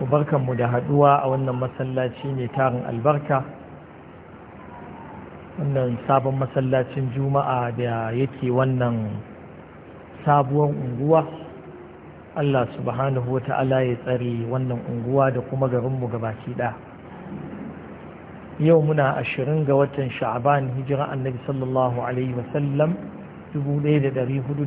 ku barkanmu da haduwa a wannan masallaci ne tarin albarka wannan sabon masallacin juma'a da yake wannan sabuwar unguwa Allah subhanahu wa ta'ala ya tsare wannan unguwa da kuma garinmu gabaki ɗaya yau muna ashirin ga watan sha'aban hijira annabi sallallahu alaihi wasallam 1447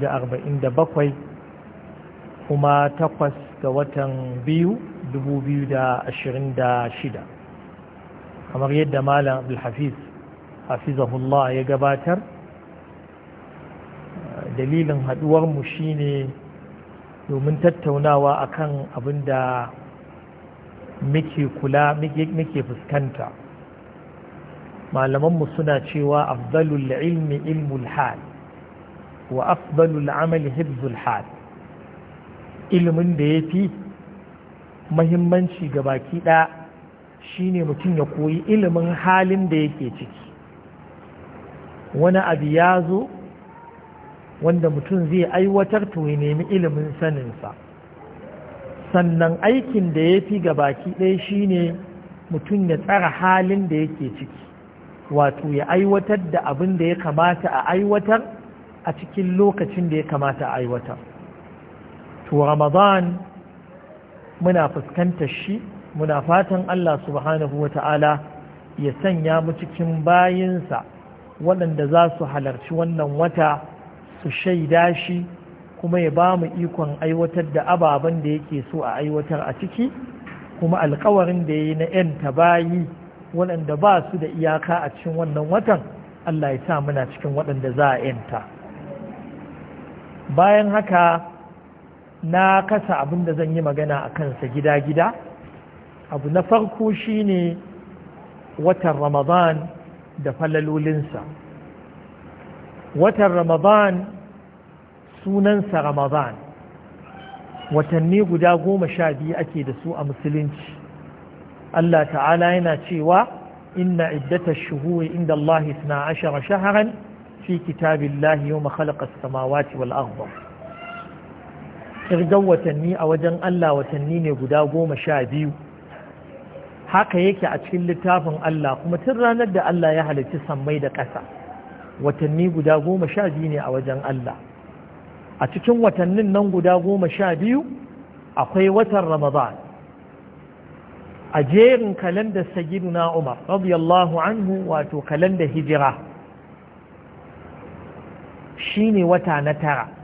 kuma takwas ga watan biyu dubu biyu da ashirin da shida kamar yadda malam abdulhafiz hafizahullah ya gabatar dalilin mu shine domin tattaunawa akan abin da muke kula muke fuskanta malamanmu suna cewa afdalul ilmi ilmul hal wa afdalul amali hibzul hal ilimin da ya fi mahimmanci ga baki ɗaya shine mutum ya koyi ilimin halin da yake ciki wani abu ya zo wanda mutum zai aiwatar to ya nemi ilimin saninsa sannan aikin da ya fi ga baki ɗaya shine mutum ya tsara halin da yake ciki wato ya aiwatar da abin da ya kamata a aiwatar a cikin lokacin da ya kamata a aiwatar to ramadan muna fuskantar shi muna fatan Allah subhanahu wa ta'ala ya sanya mu cikin bayinsa waɗanda za su halarci wannan wata su shaida shi kuma ya ba mu ikon aiwatar da ababen da yake so a aiwatar a ciki kuma alkawarin da ya yi na 'yan tabayi waɗanda ba su da iyaka a cikin wannan watan Allah ya sa muna cikin waɗanda za a 'yanta bayan haka na kasa abin da zan yi magana a kansa gida-gida abu na farko shine watan ramadan da falalolinsa watan ramadan sunansa ramadan watanni guda goma sha biyu ake da su a musulunci Allah ta'ala yana cewa inna iddata shuhuri inda Allah isna ashara shaharan fi kitabillahi yau makhalakar samawati wal'arba kirgar watanni a wajen Allah watanni ne guda goma sha biyu haka yake a cikin littafin Allah kuma tun ranar da Allah ya halicci sammai da ƙasa watanni guda goma sha biyu ne a wajen Allah a cikin watannin nan guda goma sha biyu akwai watan Ramadan a jerin kalandar na Umar radiyallahu anhu wato kalandar hijira shine wata na tara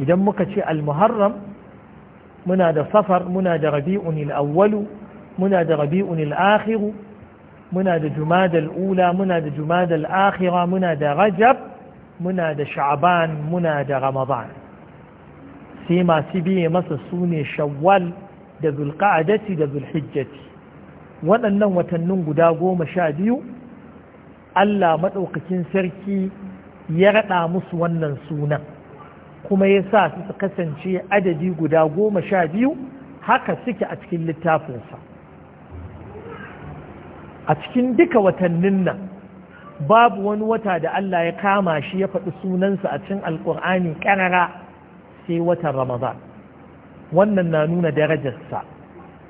idan muka ce al-muharram muna da safar muna da rabi'un awwalu muna da rabi'un akhiru muna da jumadal ula muna da jumadal akhira muna da rajab muna da sha'ban muna da ramadan sai masu biye masa su ne shawwal da zulqa'adati da zulhijjati waɗannan watannin guda goma sha biyu Allah maɗaukakin sarki ya raɗa musu wannan sunan kuma ya sa su kasance adadi guda goma sha biyu haka suke a cikin littafinsa a cikin duka watannin nan babu wani wata da Allah ya kama shi ya faɗi sunansa a cikin alƙur'ani ƙarara sai watan ramadan wannan na nuna darajarsa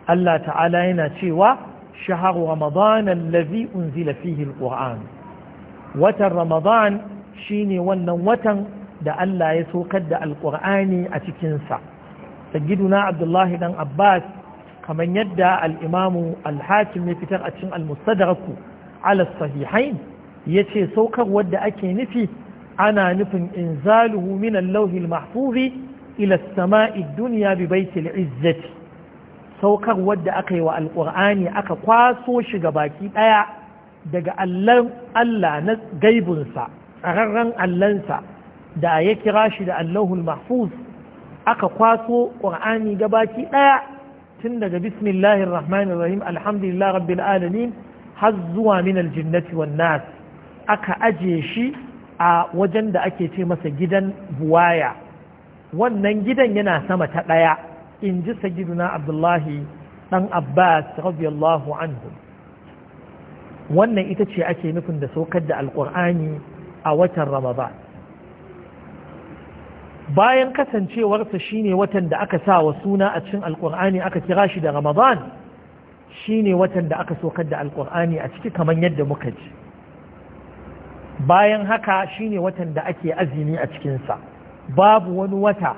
Allah ta'ala yana cewa shahar ramadan allazi unzila fihi alqur'an watan ramadan shine wannan watan da Allah ya saukar da alƙur'ani a cikinsa na abdullahi dan abbas kamar yadda al'imamu alhakim ya fitar a cikin almustadaraku ala sahihain ya ce saukar wadda ake nufi ana nufin inzaluhu min lauhi mahfuzi ila sama'i duniya bi baitil izzati saukar wadda aka yi wa alƙur'ani aka kwaso shi ga baki ɗaya daga allan Allah na gaibunsa tsararren allansa da ya kira shi da allahul mahfuz aka kwaso ƙur'ani gabaki ɗaya tun daga bismillahir rahmanir rahim alhamdulillah rabbil alamin har zuwa min aljinnati wan nas aka aje shi a wajen da ake ce masa gidan buwaya wannan gidan yana sama ta ɗaya in ji sagiduna abdullahi ɗan abbas radiyallahu anhu wannan ita ce ake nufin da saukar da alƙur'ani a watan ramadan bayan kasancewarsa shine watan da aka sa wa suna a cikin alkur'ani aka kira shi da ramadan shine watan da aka sokar da alkur'ani a ciki kamar yadda muka ji bayan haka shine watan da ake azumi a cikinsa babu wani wata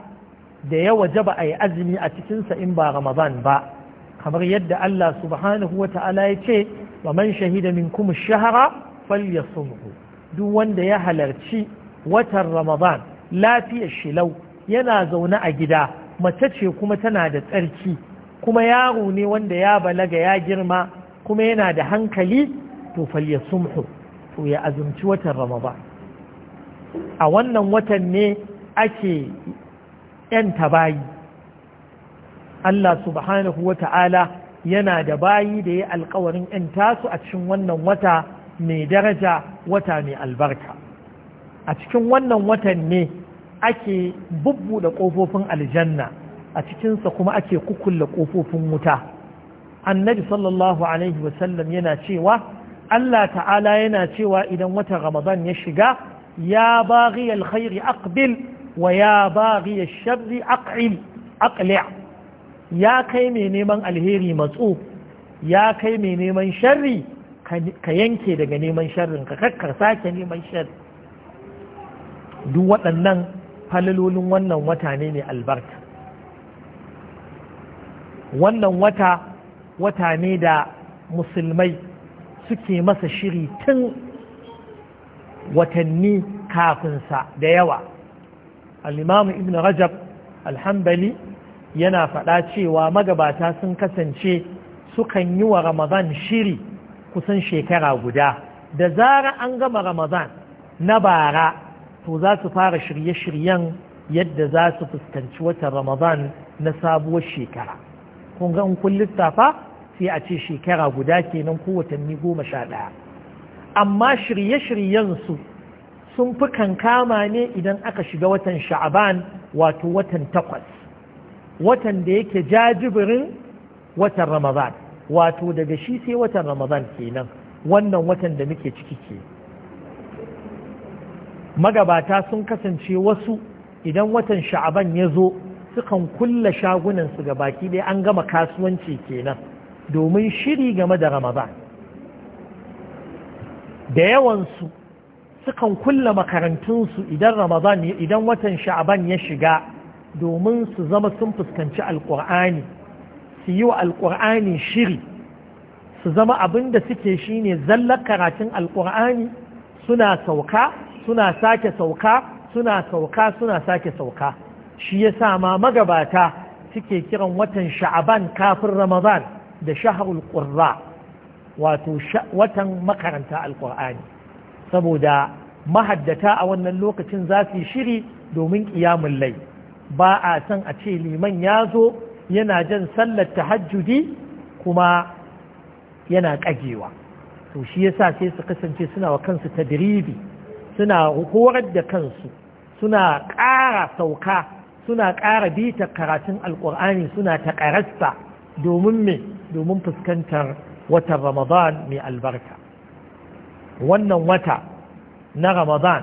da ya wajaba a yi azumi a cikinsa in ba ramadan ba kamar yadda Allah subhanahu wa ta'ala ya ce wa man shahida min kuma shahara falyasumhu duk wanda ya halarci watan ramadan lafiyar shilau yana zaune a gida mace ce kuma tana da tsarki kuma yaro ne wanda ya balaga ya girma kuma yana da hankali to falya sumhu to ya azumci watan ramadan a wannan watan ne ake yanta bayi Allah subhanahu wa ta'ala yana da bayi da ya alkawarin ‘yan tasu a cikin wannan wata mai daraja wata mai albarka. a cikin wannan watan ne ake bubbuɗe ƙofofin aljanna a cikinsa kuma ake kukulla ƙofofin wuta annabi sallallahu alaihi wasallam yana cewa Allah ta'ala yana cewa idan wata ramadan ya shiga ya baghi alkhairi aqbil wa ya baghi ash-sharri aqil aqli' ya kai mai neman alheri matsu ya kai mai neman sharri ka yanke daga neman sharrin ka kakkar sake neman sharri duk waɗannan falalolin wannan wata ne mai albarka wannan wata wata ne da musulmai suke masa shiri tun watanni kafinsa da yawa al'imamu ibn rajab alhambali yana faɗa cewa magabata sun kasance sukan yi wa ramadan shiri kusan shekara guda da zara an gama ramadan na bara to za su fara shirye-shiryen yadda za su fuskanci watan ramadan na sabuwar shekara kun ga kun lissafa sai a ce shekara guda kenan ko watanni goma sha ɗaya amma shirye-shiryen su sun fi kankama ne idan aka shiga watan sha'aban wato watan takwas watan da yake jajibirin watan ramadan wato daga shi sai watan ramadan kenan wannan watan da muke ciki ke magabata sun kasance wasu idan watan sha'aban ya zo sukan kulla shagunansu ga baki ɗaya an gama kasuwanci kenan domin shiri game da ramadan da yawansu sukan kulla makarantunsu idan ramadan idan watan sha'aban ya shiga domin su zama sun fuskanci alkur'ani su yi wa alkur'ani shiri su zama abin da suke shine zallar karatun alkur'ani suna sauka suna sake sauka suna sauka suna sake sauka shi ya sa ma magabata suke kiran watan sha'aban kafin ramadan da shaharul ƙurra wato watan makaranta alƙur'ani saboda mahaddata a wannan lokacin za su yi shiri domin ƙiyamun lai ba a san a ce liman ya zo yana jan sallar tahajjudi kuma yana ƙagewa to shi yasa sai su kasance suna wa kansu tadribi suna horar da kansu suna ƙara sauka suna ƙara bita karatun alƙur'ani suna taƙarasta domin me domin fuskantar watan ramadan mai albarka wannan wata na ramadan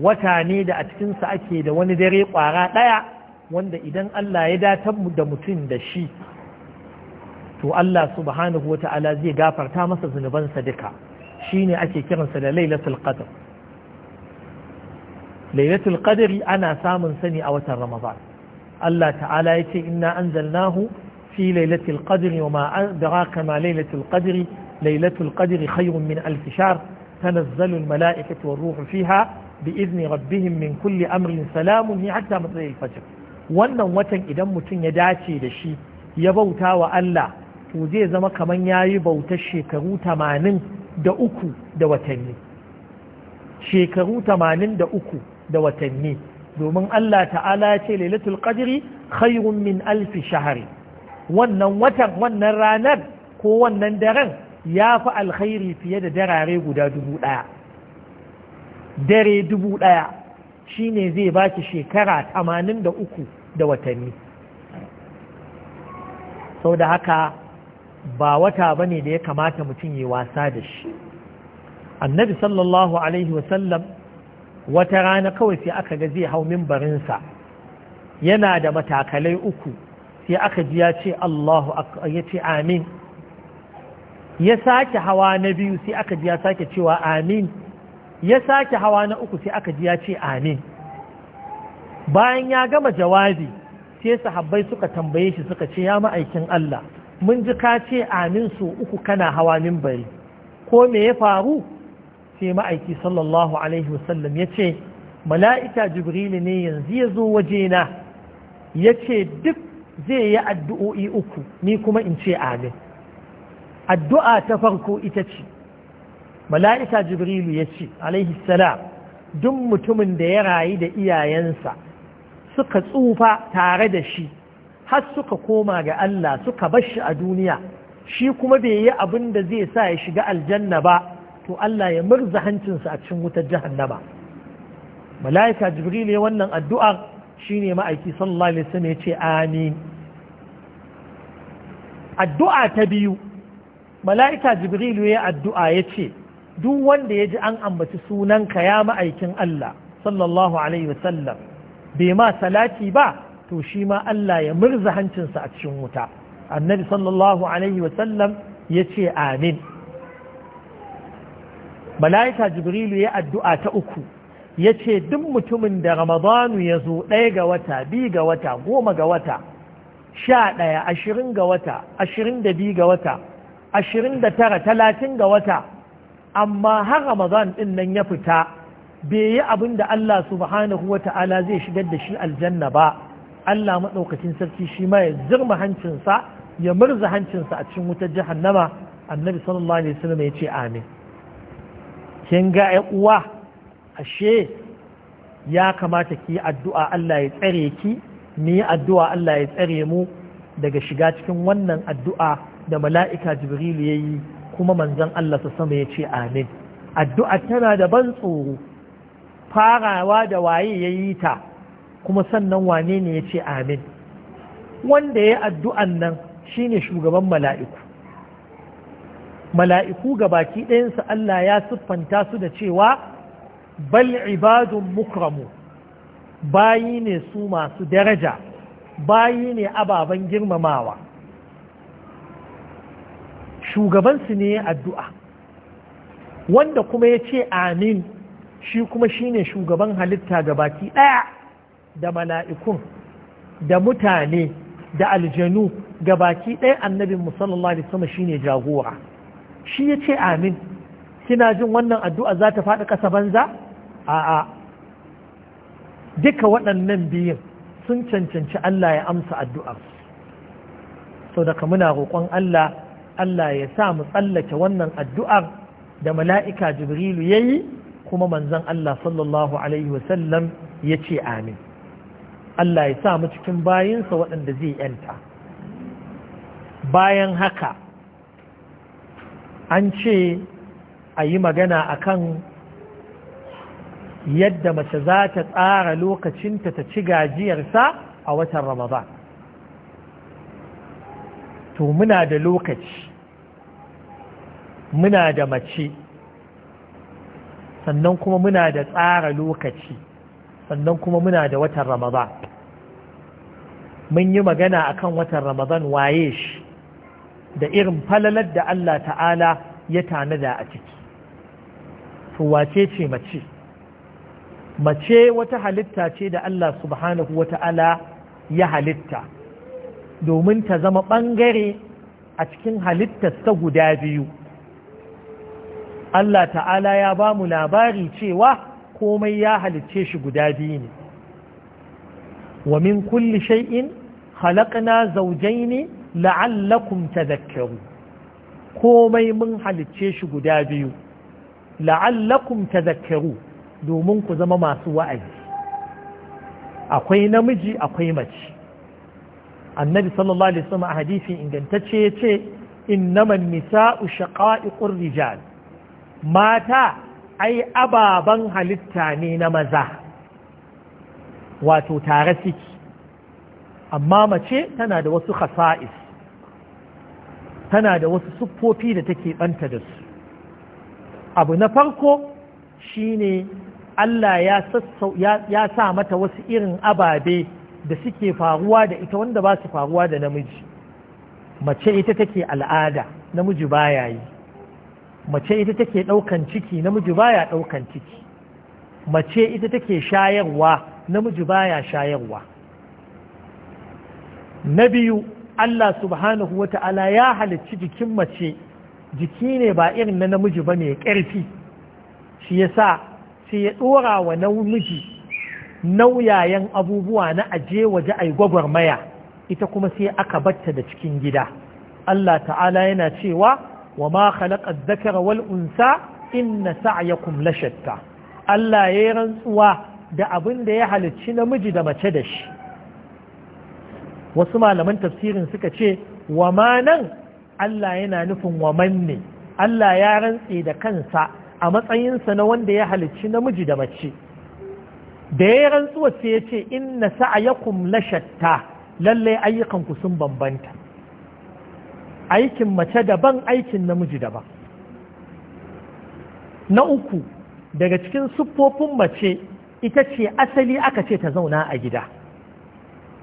wata ne da a cikinsa ake da wani dare ƙwara ɗaya wanda idan allah ya datar da mutum da shi to allah subhanahu wa ta'ala zai gafarta masa zunubansa duka shine ake kiransa da lailatul qadr lailatul qadri ana samun sani a watan ramadan Allah ta'ala ya ce inna anzalnahu fi lailatul qadri wa ma adraka ma lailatul qadri lailatul qadri khayrun min alf shahr tanazzalu al mala'ikatu war ruhu fiha bi izni rabbihim min kulli amrin salamun hi hatta matla'il fajr wannan watan idan mutum ya dace da shi ya bauta wa Allah to zai zama kaman yayi bautar shekaru 80 da uku da watanni shekaru 83 da watanni domin Allah ta'ala ya ce lailatul qadri khairun min alf shahri wannan watan wannan ranar ko wannan daren ya fi alkhairi fiye da darare guda dubu ɗaya dare dubu ɗaya shine zai baki shekara tamanin da uku da watanni sau da haka ba wata ba ne da ya kamata mutum yi wasa da shi annabi sallallahu alaihi wasallam wata rana kawai sai aka ga zai hau mimbarinsa yana da matakalai uku sai aka ji ya ce Allahu ya ce amin ya sake hawa na biyu sai aka ji ya sake cewa amin ya sake hawa na uku sai aka ji ya ce amin bayan ya gama jawabi sai sahabbai suka tambaye shi suka ce ya ma'aikin Allah mun ji ka ce amin so uku kana hawa mimbari ko me ya faru sai ma'aiki sallallahu alaihi wasallam ya ce mala'ika jibrilu ne yanzu ya zo wajena ya ce duk zai yi addu'o'i uku ni kuma in ce amin addu'a ta farko ita ce mala'ika jibrilu ya ce alaihi salam duk mutumin da ya rayu da iyayensa suka tsufa tare da shi har suka koma ga Allah suka bashi a duniya shi kuma bai yi abin da zai sa ya shiga aljanna ba to Allah ya murza hancinsa a cikin wutar jahannama mala'ika jibril ya wannan addu'ar shine ma'aiki sallallahu alaihi wasallam ya ce amin addu'a ta biyu mala'ika jibril ya addu'a ya ce duk wanda ya ji an ambaci sunanka ya ma'aikin Allah sallallahu alaihi wasallam bai ma salati ba to shi ma Allah ya murza hancinsa a cikin wuta annabi sallallahu alaihi wasallam ya ce amin mala'ika jibrilu ya addu'a ta uku ya ce duk mutumin da ramadanu ya zo ɗaya ga wata biyu ga wata goma ga wata sha ɗaya ashirin ga wata ashirin da biyu ga wata ashirin da tara talatin ga wata amma har ramadan ɗin nan ya fita bai yi abin da Allah subhanahu wa ta'ala zai shigar da shi aljanna ba Allah maɗaukacin sarki shi ma ya zirma hancinsa ya murza hancinsa a cikin wutar jahannama annabi sallallahu alaihi wasallam ya ce amin kin ga ya uwa ashe ya kamata ki addu'a Allah ya tsare ki ni addu'a Allah ya tsare mu daga shiga cikin wannan addu'a da mala'ika jibrilu ya yi kuma manzan Allah su sama ya ce amin addu'a tana da ban tsoro farawa da waye ya yi ta kuma sannan wane ne ya ce amin wanda ya addu'an nan shine shugaban mala'iku mala'iku ga baki ɗayansu Allah ya siffanta su da cewa bal ibadun mukramu bayi ne su masu daraja bayi ne ababen girmamawa shugabansu ne addu'a wanda kuma ya ce amin shi kuma shine shugaban halitta ga baki ɗaya da mala'ikun da mutane da aljanu ga baki ɗaya annabin musallallahu alaihi wasallam shine jagora shi ya ce amin kina jin wannan addu'a za ta faɗi ƙasa banza a'a duka waɗannan biyun sun cancanci Allah ya amsa addu'ar sau daga muna roƙon Allah Allah ya sa mu tsallake wannan addu'ar da mala'ika jibrilu ya yi kuma manzan Allah sallallahu Alaihi wasallam ya ce amin Allah ya sa mu cikin bayinsa waɗanda zai ‘yanta bayan haka an ce a yi magana a kan yadda mace za ta tsara lokacinta ta ci gajiyarsa a watan ramadan to muna da lokaci muna da mace sannan kuma muna da tsara lokaci sannan kuma muna da watan ramadan mun yi magana akan watan ramadan waye shi da irin falalar da Allah ta'ala ya tanada a ciki to wace ce mace mace wata halitta ce da Allah subhanahu wa ta'ala ya halitta domin ta zama ɓangare a cikin ta guda biyu Allah ta'ala ya ba mu labari cewa komai ya halicce shi guda biyu ne wa min kulli shay'in khalaqna zawjayn la'allakum tadhakkaru komai mun halicce shi guda biyu la'allakum tadhakkaru domin ku zama masu wa'azi akwai namiji akwai mace annabi sallallahu alaihi wasallam a hadisi ingantacce yace innamal nisa'u shaqa'iqur rijal mata ai ababan halitta ne na maza wato tare siki. amma mace tana da wasu khasa'is tana da wasu siffofi da take banta da su abu na farko shine Allah ya sa mata wasu irin ababe da suke faruwa da ita wanda ba su faruwa da namiji mace ita take al'ada namiji baya yi mace ita take ɗaukan ciki namiji baya ɗaukan ciki mace ita take shayarwa namiji baya shayarwa na biyu Allah subhanahu wa ta'ala ya halicci jikin mace jiki ne ba irin na namiji ba mai ƙarfi shi ya sa sai ya ɗora wa namiji nauyayen abubuwa na aje waje ai maya, ita kuma sai aka batta da cikin gida Allah ta'ala yana cewa wa ma khalaqa dhakara wal unsa inna sa'yakum la shatta Allah ya rantsuwa da abin da ya halicci namiji da mace da shi wasu malaman tafsirin suka ce wa nan Allah yana nufin wa ne Allah ya rantse da kansa a matsayinsa na wanda ya halicci namiji da mace da ya rantsu wace ya ce inna sa'ayakum la shatta lallai ayyukanku sun bambanta aikin mace daban aikin namiji daban na uku daga cikin siffofin mace ita ce asali aka ce ta zauna a gida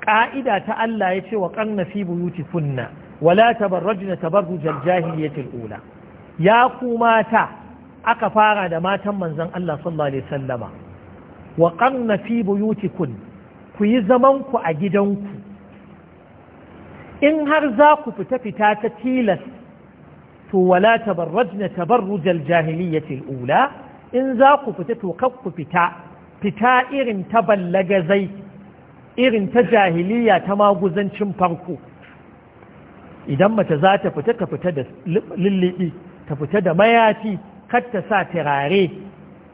Ka'ida ta Allah ya ce wa ƙarna fi buyuti kunna wala tabarrajna tabarrujal jahiliyatil ula ya ku mata aka fara da matan manzon Allah sallallahu alaihi wasallama wa ƙarna fi buyuti kun ku yi zaman ku a gidanku in har za ku fita fita ta tilas to wala tabarrajna tabarrujal jahiliyatil ula in za ku fita to kar ku fita fita irin ta ballagazai irin ta jahiliya ta maguzancin farko idan mace za ta fita ta fita da lullubi ta fita da mayafi kar ta sa turare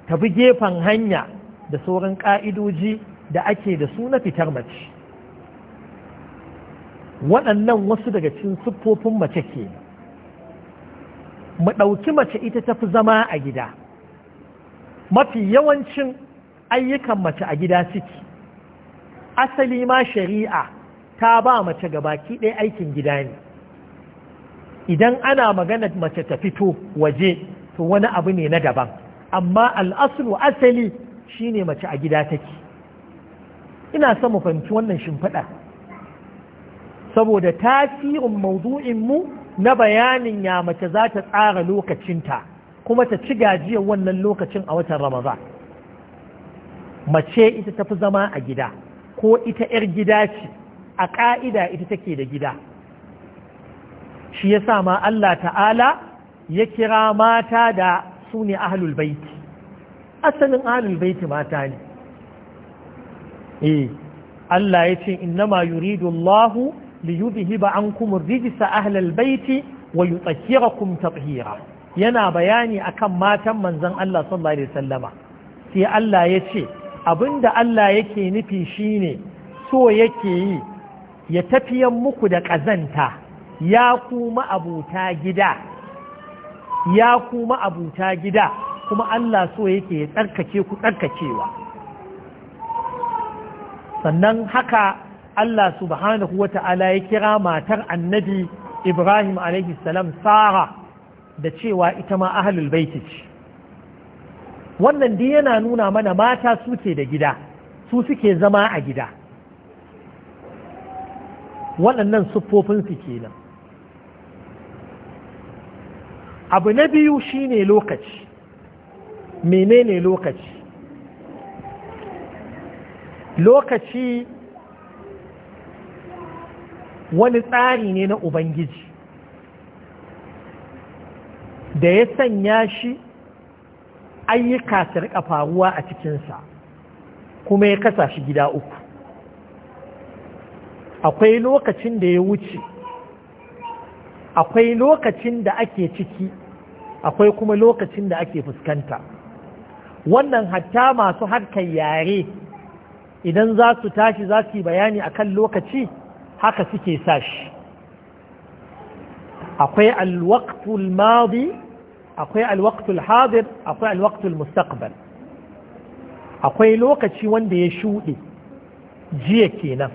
ta bi gefen hanya da sauran ƙa'idoji da ake da su na fitar mace waɗannan wasu daga cikin siffofin mace ke mu ɗauki mace ita ta fi zama a gida mafi yawancin ayyukan mace a gida suke asali ma shari'a ta ba mace gabaki ɗaya aikin gida ne idan ana magana mace ta fito waje to wani abu ne na daban amma al'asulu asali shine mace a gida take ina son fahimci wannan shimfiɗa saboda tasirin mawdu'in mu na bayanin ya mace za ta tsara lokacinta kuma ta ci gajiyar wannan lokacin a watan ramadan mace ita tafi zama a gida ko ita 'yar gida ce a ƙa'ida ita take da gida shi ya sa ma Allah ta'ala ya kira mata da su ne ahalul baiti asalin ahalul baiti mata ne eh Allah ya ce ma yuridu Allahu li yudhhiba ankum rijsa ahlal baiti wa yutahhirakum tathira yana bayani akan matan manzon Allah sallallahu alaihi wasallama sai Allah ya ce abinda Allah yake nufi shine so yake yi ya tafiyan muku da ƙazanta ya kuma abuta gida ya kuma abuta gida kuma Allah so yake ya tsarkake ku tsarkakewa sannan haka Allah subhanahu wa ta'ala ya kira matar annabi Ibrahim a.s. Sara da cewa ita ma ahlul baiti ce wannan dai yana nuna mana mata suke da gida su suke zama a gida waɗannan siffofinsu kenan abu na biyu shine lokaci menene lokaci lokaci wani tsari ne na ubangiji da ya sanya shi ayyuka su rika faruwa a cikinsa kuma ya kasa shi gida uku akwai lokacin da ya wuce akwai lokacin da ake ciki akwai kuma lokacin da ake fuskanta wannan hatta masu harkar yare idan za su tashi za su yi bayani akan lokaci haka suke sashi akwai alwaktul madi akwai alwaktul hadir akwai alwaktul mustaqbal akwai lokaci wanda ya shuɗe jiya kenan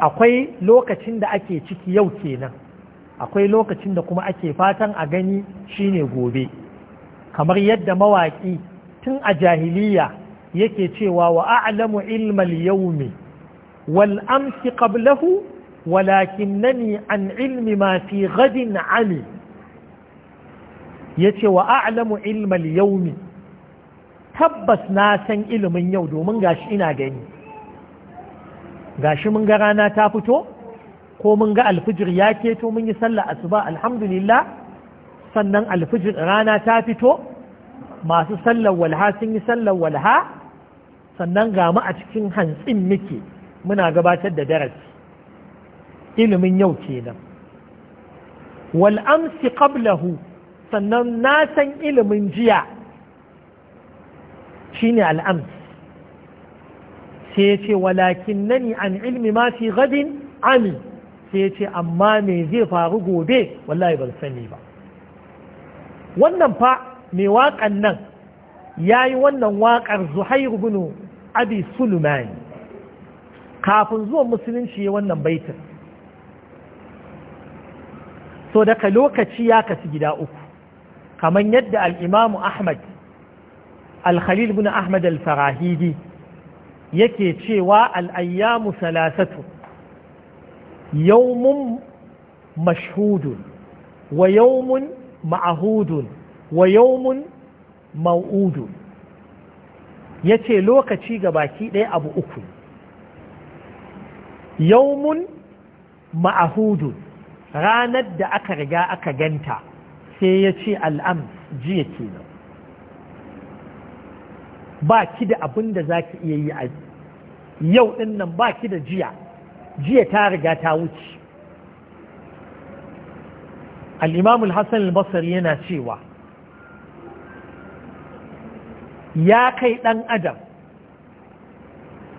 akwai lokacin da ake ciki yau kenan akwai lokacin da kuma ake fatan a gani shine gobe kamar yadda mawaƙi tun a jahiliya yake cewa wa a'lamu ilmal yaumi wal amsi qablahu walakinnani an ilmi ma fi ghadin ami ya ce wa a'lamu ilmal yaumi tabbas na san ilimin yau domin gashi ina gani gashi mun ga rana ta fito ko mun ga alfijir ya keto mun yi sallah asuba alhamdulillah sannan alfijir rana ta fito masu sallar walha sun yi sallar walha sannan ga mu a cikin hantsin muke muna gabatar da darasi ilimin yau kenan wal amsi qablahu sannan na san ilimin jiya shine al'ams sai ya ce walakin nani an ilmi ma fi gadin ami sai ya ce amma me zai faru gobe wallahi ban sani ba wannan fa mai waƙan nan ya yi wannan waƙar zuhairu bin abi sulmani kafin zuwan musulunci ya wannan baitin so daga lokaci ya kasu gida uku kamar yadda al'imamu ahmad al-khalil bin ahmad al-farahidi yake cewa al'ayyamu salasatu yawmun mashhudun wa yawmun ma'ahudun wa yawmun ma'udun ya ce lokaci ga baki ɗaya abu uku yawmun ma'ahudun ranar da aka riga aka ganta sai ya ce al'am jiya kenan ba ki da abin da za ki iya yi a yau ɗin nan ba ki da jiya jiya ta riga ta wuce al'imamul hassan al basar yana cewa ya kai ɗan adam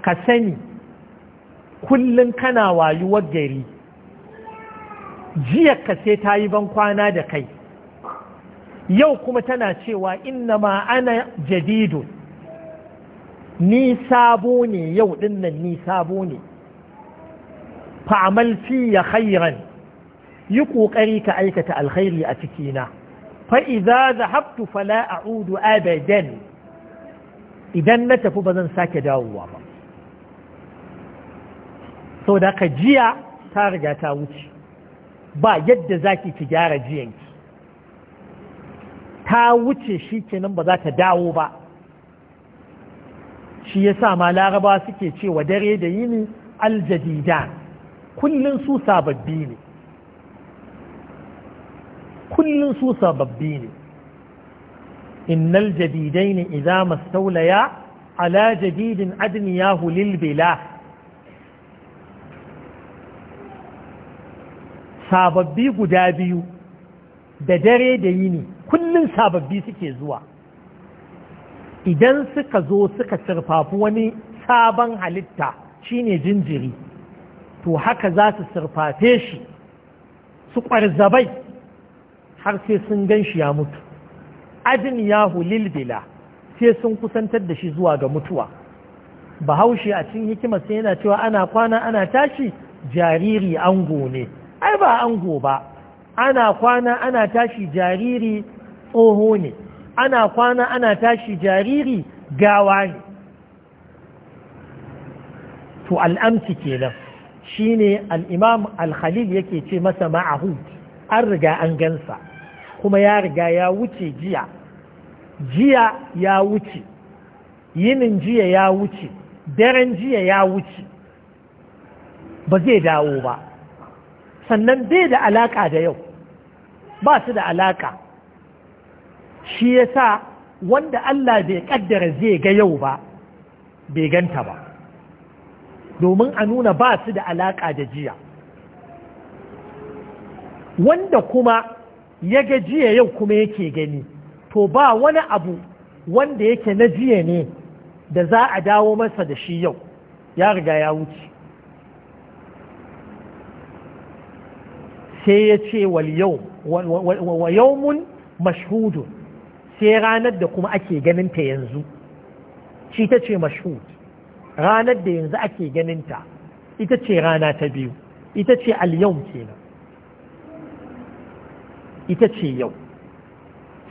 ka sani kullum kana wayuwar gari jiya ka sai ta yi ban kwana da kai yau kuma tana cewa inna ma ana jadidu ni sabo ne yau dinnan ni sabo ne fa'amal ya khairan yi ƙoƙari ka aikata alkhairi a cikina fa'iza zahabtu fala udu abadan idan na tafi ba zan sake dawowa ba sau da ka jiya ta riga ta wuce ba yadda zaki ki gyara jiyanki ta wuce shi kenan ba za ta dawo ba shi ya sa ma laraba suke cewa dare da yini aljadidan kullum su sababbi ne kullum su sababbi ne innal jadidai ne idan mastaulaya ala jadidin adniyahu sababbi guda biyu da dare da yini kullum sababbi suke zuwa idan suka zo suka sirfafi wani sabon halitta shine jinjiri to haka za su sirfafe shi su ƙwarzabai har sai sun gan shi ya mutu ajin yahu Bila sai sun kusantar da shi zuwa ga mutuwa bahaushe a cikin hikima sai yana cewa ana kwana ana tashi jariri ango ne ai ba ango ba ana kwana ana tashi jariri tsoho ne ana kwana ana tashi jariri gawa ne to al'amci kenan shi al'imam al-khalil yake ce masa ma'ahu an riga an gansa kuma ya riga ya wuce jiya jiya ya wuce yinin jiya ya wuce daren jiya ya wuce ba zai dawo ba sannan bai da alaƙa da yau ba su da alaƙa. shi ya sa wanda Allah bai kaddara zai ga yau ba bai ganta ba domin a nuna ba su da alaƙa da jiya wanda kuma ya ga jiya yau kuma yake gani to ba wani abu wanda yake na jiya ne da za a dawo masa da shi yau ya riga ya wuce sai ya ce wa yau mun mashhudun sai ranar da kuma ake ganin ta yanzu shi ta ce mashhud ranar da yanzu ake ganin ta ita ce rana ta biyu ita ce al-yawm kenan ita ce yau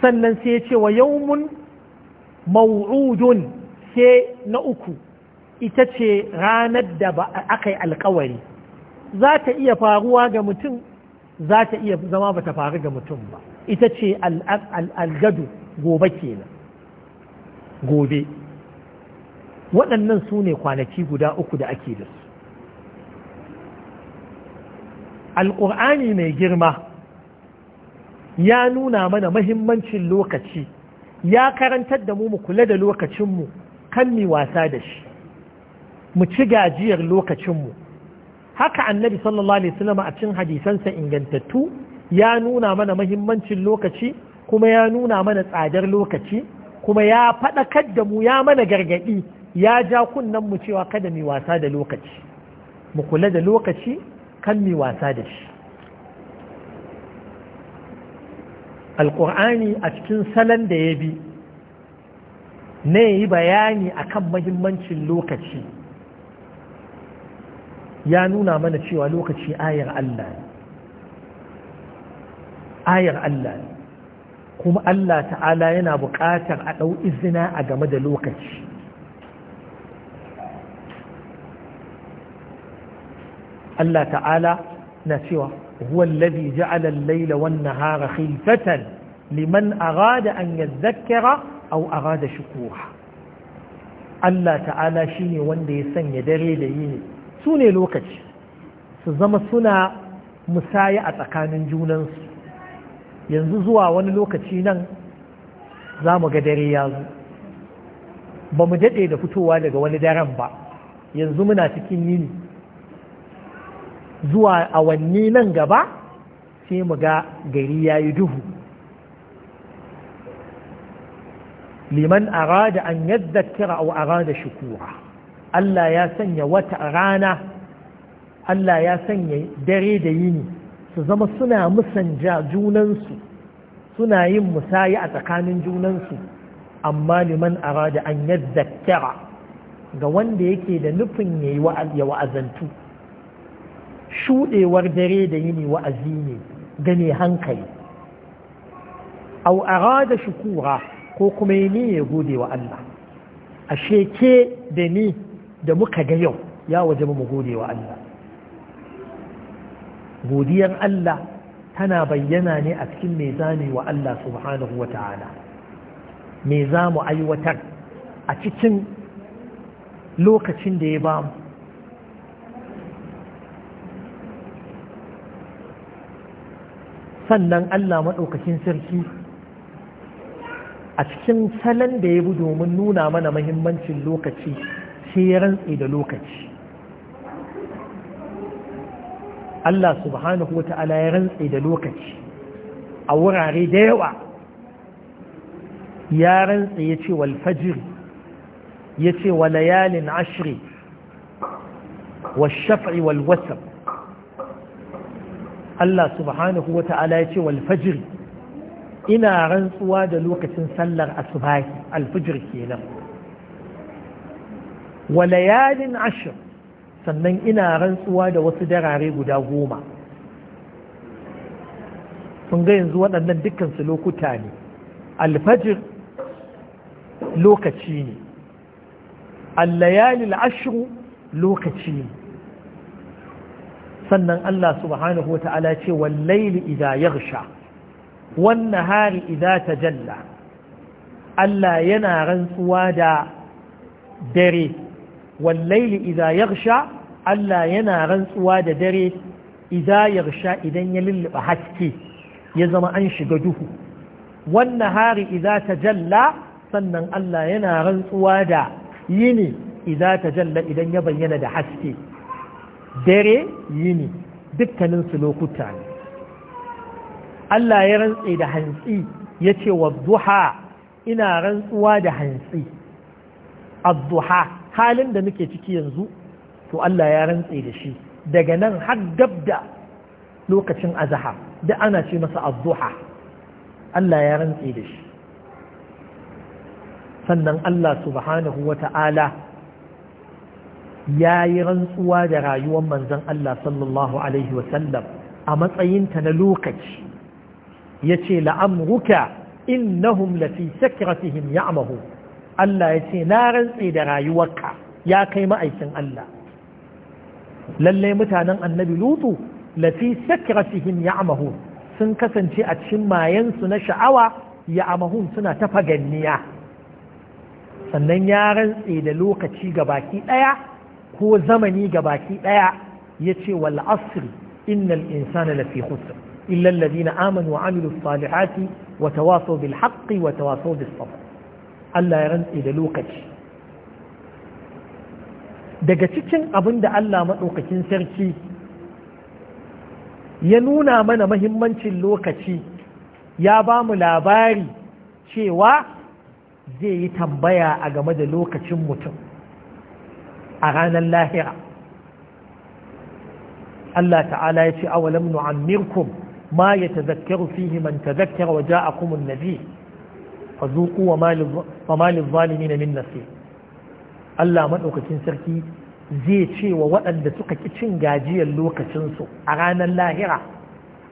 sannan sai ya ce wa yawmun maw'udun sai na uku ita ce ranar da ba aka yi alkawari za ta iya faruwa ga mutum za ta iya zama ba ta faru ga mutum ba ita ce algadu gobe kenan gobe waɗannan su ne kwanaki guda uku da ake da su alƙur'ani mai girma ya nuna mana mahimmancin lokaci ya karantar da mu mu kula da lokacinmu kan mi wasa da shi mu ci gajiyar lokacinmu haka annabi sallallahu alaihi wasallam a cikin hadisansa ingantattu ya nuna mana mahimmancin lokaci kuma ya nuna mana tsadar lokaci kuma ya faɗakar da mu ya mana gargaɗi ya ja kunnan mu cewa kada mai wasa da lokaci mu kula da lokaci kan mai wasa da shi alƙur'ani a cikin salon da ya bi na yi bayani akan mahimmancin lokaci ya nuna mana cewa lokaci ayar Allah ayar Allah kuma Allah ta'ala yana buƙatar a ɗau izina a game da lokaci Allah ta'ala na cewa huwa alladhi ja'ala al-layla wan-nahara khilfatan liman arada an yadhakkara aw arada shukura Allah ta'ala shine wanda ya sanya dare da yini su ne lokaci su zama suna musaya a tsakanin junansu yanzu zuwa wani lokaci nan za mu ga dare ya zo ba mu daɗe da fitowa daga wani daren ba yanzu muna cikin yini zuwa awanni nan gaba sai mu ga gari ya yi duhu liman arada an yadda kira au arada shukura Allah ya sanya wata rana Allah ya sanya dare da yini su zama suna musanja junansu suna yin musayi a tsakanin junansu amma liman arada an yaddakkara ga wanda yake da nufin ya wa'azantu shuɗewar dare da yini wa'azi ne gane hankali au arada shukura ko kuma yi ya gode wa Allah ashe ke da ni da muka ga yau ya waje mu gode wa Allah godiyar Allah tana bayyana ne a cikin me zane wa Allah subhanahu wa ta'ala me za mu aiwatar a cikin lokacin da ya ba mu sannan Allah maɗaukacin sarki a cikin salon da ya bi domin nuna mana mahimmancin lokaci sai ya rantse da lokaci Allah subhanahu wata'ala ya rantse da lokaci a wurare da yawa ya rantse ya ce wal walfajiri ya ce wa layalin ashiri wa shafi walwasar Allah subhanahu wata'ala ya ce wal walfajiri ina rantsuwa da lokacin sallar asubahi alfijir kenan wa layalin ashiri sannan ina rantsuwa da wasu darare guda goma sun ga yanzu waɗannan dukkansu lokuta ne alfajir lokaci ne allayalil ashiru lokaci ne sannan Allah subhanahu wa ta'ala ce wallaili idha yaghsha wan nahari idha tajalla Allah yana rantsuwa da dare wallaili idza yaghsha Allah yana rantsuwa da dare idza yaghsha idan ya lulluba haske ya zama an shiga duhu wannan hari ta jalla sannan Allah yana rantsuwa da yini ta jalla idan ya bayyana da haske dare yini dukkanin su lokuta ne Allah ya rantse da hantsi ya ce wa duha ina rantsuwa da hantsi abduha halin da muke ciki yanzu to Allah ya rantse da shi daga nan har gabda da lokacin azaha da ana ce masa azuha Allah ya rantse da shi sannan Allah subhanahu wa ta'ala ya yi rantsuwa da rayuwar manzon Allah sallallahu Alaihi wasallam a matsayinta na lokaci ya ce la'amruka innahum lafi sakratihim ya'mahu Allah ya ce na rantse da rayuwarka ya kai ma'aikin Allah lalle mutanen annabi lutu lafi sakratihim ya'mahun sun kasance a cikin mayansu na sha'awa ya'mahun suna ta faganniya sannan ya rantse da lokaci ga baki daya ko zamani ga baki daya yace wal asri innal insana lafi khusr illa alladhina amanu wa amilus salihati wa tawasaw bil haqqi wa tawasaw bis sabr Allah ya rantse da lokaci daga cikin abin da Allah maɗaukakin sarki ya nuna mana mahimmancin lokaci ya ba mu labari cewa zai yi tambaya a game da lokacin mutum a ranar lahira Allah ta'ala ya ce awalam nu'ammirkum ma ya tazakkaru fihi man tazakkara wa ja'akumun nabi fazuku wa malin zalimi na min Allah maɗaukacin sarki zai ce wa waɗanda suka ƙi cin gajiyar lokacinsu a ranar lahira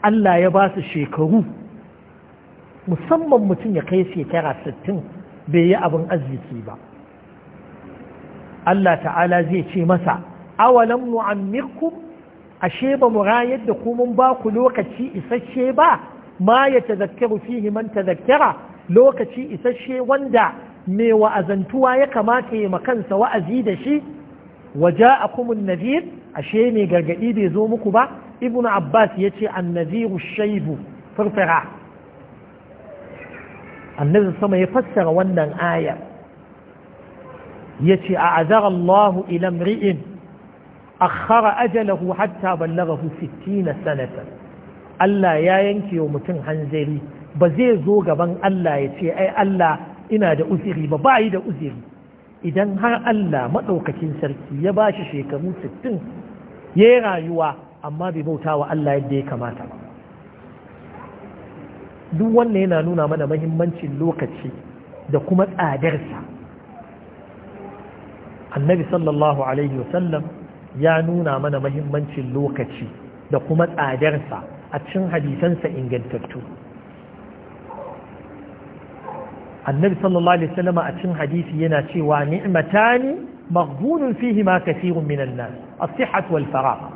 Allah ya ba su shekaru musamman mutum ya kai shekara sittin bai yi abin arziki ba Allah ta'ala zai ce masa awalan mu'ammirkum ashe ba mu rayar da ku mun ba ku lokaci isasshe ba ma ya tazakkaru fihi tazakkara lokaci isasshe wanda mai wa'azantuwa ya kamata ya makansa wa'azi da shi waje a kumun nazir ashe mai gargaɗi bai zo muku ba ibnu abbas ya ce annaziru shaibu furfura annabi sama ya fassara wannan ayar ya ce a azar allahu ilam ri'in akhara ajalahu hatta ballagahu 60 sanatar. Allah ya yanke wa mutum hanzari ba zai zo gaban Allah ya ce ai Allah ina da uziri ba ba yi da uziri idan har Allah maɗaukakin sarki ya ba shi shekaru 60 ya yi rayuwa amma bai bauta wa Allah yadda ya kamata ba duk wannan yana nuna mana mahimmancin lokaci da kuma tsadarsa annabi sallallahu alaihi wasallam ya nuna mana mahimmancin lokaci da kuma tsadarsa a cikin hadisansa ingantattu annabi sallallahu alaihi wasallam a cikin hadisi yana cewa ni'matani maghbunun fihi ma kathirun minan nas as-sihhat wal faragh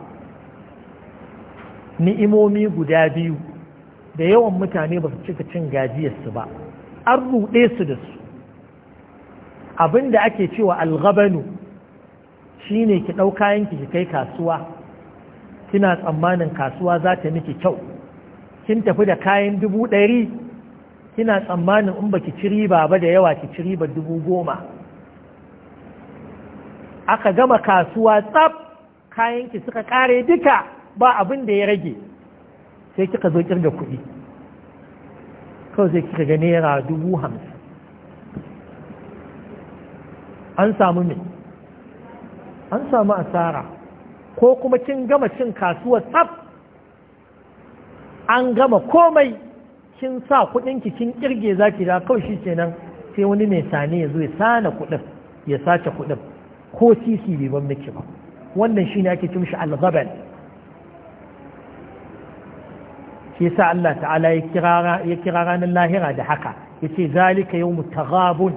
ni'imomi guda biyu da yawan mutane ba su cika cin gajiyar su ba an ruɗe su da su abinda ake cewa algabanu shine ki ɗau kayan ki kai kasuwa kina tsammanin kasuwa za ta miki kyau kin tafi da kayan dubu ɗari kina tsammanin in baki ci riba ba da yawa ki ci riba dubu goma aka gama kasuwa tsaf kayanki suka kare duka ba abin da ya rage sai kika zo kirga kuɗi kawai sai kika ga naira dubu hamsin an samu ne an samu asara ko kuma kin gama cin kasuwa tsaf an gama komai kin sa kuɗin ki kin kirge zaki da kawai shi kenan sai wani mai sane ya zo ya sana kuɗin ya sace kuɗin ko sisi bai ban miki ba wannan shi ne ake cin shi al-ghabal shi sa Allah ta'ala ya kira ya kirara ranar lahira da haka yace zalika yawmu taghabun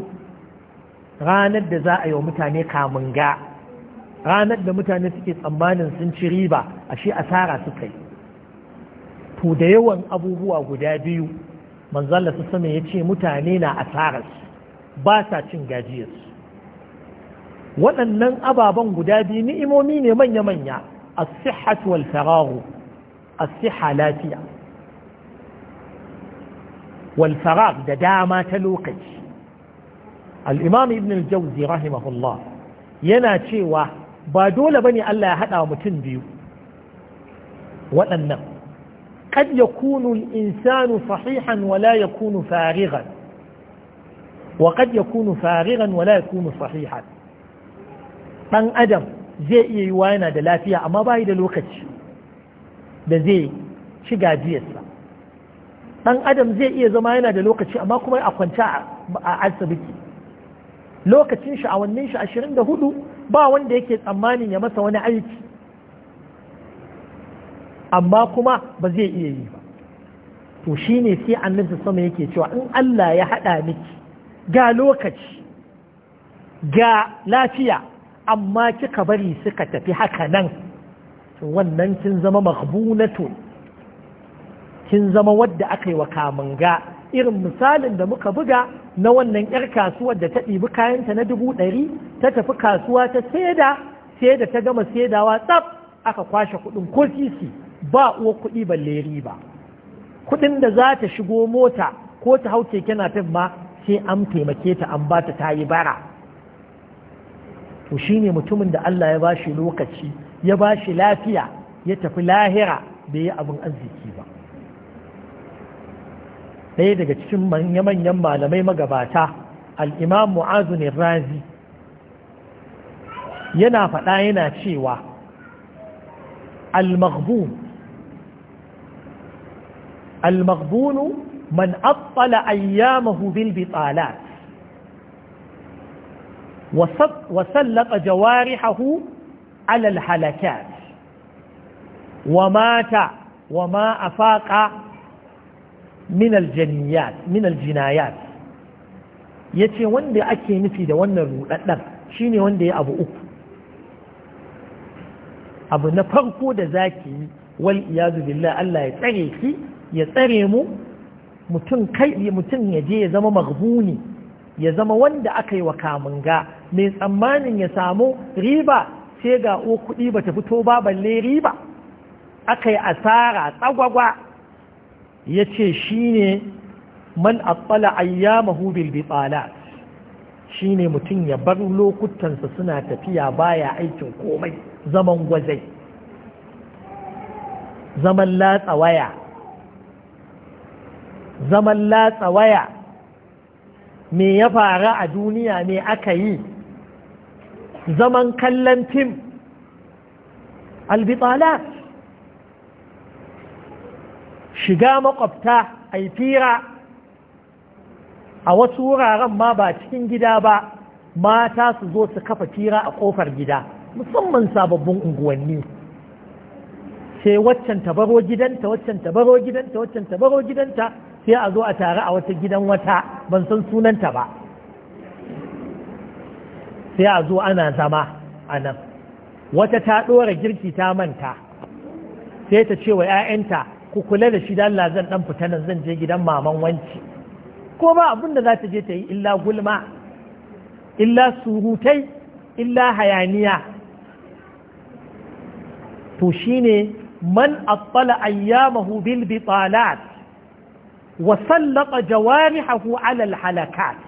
ranar da za a yi wa mutane kamun ga ranar da mutane suke tsammanin sun ci riba ashe asara suka yi to da yawan abubuwa guda biyu manzalla su sama ya ce mutane na asararsu ba sa cin gajiyarsu waɗannan ababen guda biyu ni'imomi ne manya-manya a sihat wal fararu a siha lafiya wal farar da dama ta lokaci al'imam ibn al-jauzi rahimahullah yana cewa ba dole ba ne Allah ya haɗa mutum biyu waɗannan قد يكون الإنسان صحيحا ولا يكون فارغا وقد يكون فارغا ولا يكون صحيحا ɗan adam zai iya yi yana da lafiya amma bayi da lokaci da zai ci gajiyarsa ɗan adam zai iya zama yana da lokaci amma kuma a kwance a asibiti lokacin shi awannin shi ashirin da hudu ba wanda yake tsammanin ya masa wani aiki amma kuma ba zai iya yi ba to shi ne sai annabi sama yake cewa in Allah ya haɗa miki ga lokaci ga lafiya amma kika bari suka tafi haka nan wannan kin zama maghbunatu kin zama wadda aka yi wa ga irin misalin da muka buga na wannan 'yar kasuwar da ta ɗibi kayanta na dubu ɗari ta tafi kasuwa ta saida sai da ta gama saidawa tsaf aka kwashe kuɗin ko sisi ba uwa kuɗi balle riba kuɗin da za ta shigo mota ko ta hau keke na ma sai an taimake ta an ba ta yi bara to ne mutumin da Allah ya ba shi lokaci ya ba shi lafiya ya tafi lahira bai yi abin arziki ba ɗaya daga cikin manya-manyan malamai magabata al'imam mu'azunin razi yana faɗa yana cewa al-maghbun المغبون من أطل أيامه بالبطالات وسلط جوارحه على الحلكات ومات وما أفاق من الجنيات من الجنايات yace wanda ake nufi da wannan rudaddar shine wanda ya abu uku abu na farko da zaki wal iyadu billah Allah ya tsare ki ya tsare mu mutum kai mutum ya je ya zama maghbuni ya zama wanda aka yi wa kamunga mai tsammanin ya samu riba sai ga o kuɗi ba ta fito ba balle riba aka yi asara tsagwagwa ya ce shi ne man atsala ayyamahu bil bitsalat shi ne mutum ya bar lokutansa suna tafiya baya aikin komai zaman gwazai zaman latsa waya zaman latsa waya me ya fara a duniya me aka yi zaman kallon fim albitala shiga makwabta a fira a wasu wuraren ma ba cikin gida ba mata su zo su kafa fira a kofar gida musamman sababbin unguwanni sai waccan tabaro gidanta waccan tabaro gidanta waccan tabaro gidanta sai a zo a tare a wata gidan wata ban san sunanta ba sai a zo ana zama a nan wata ta ɗora girki ta manta sai ta ce wa 'ya'yanta ku kula da shi dan zan ɗan fita nan zan je gidan maman wanci ko ba abin da za ta je ta yi illa gulma illa surutai illa hayaniya to shine man attala ayyamahu bil bitalat wasallaka jawarihahu alal halakat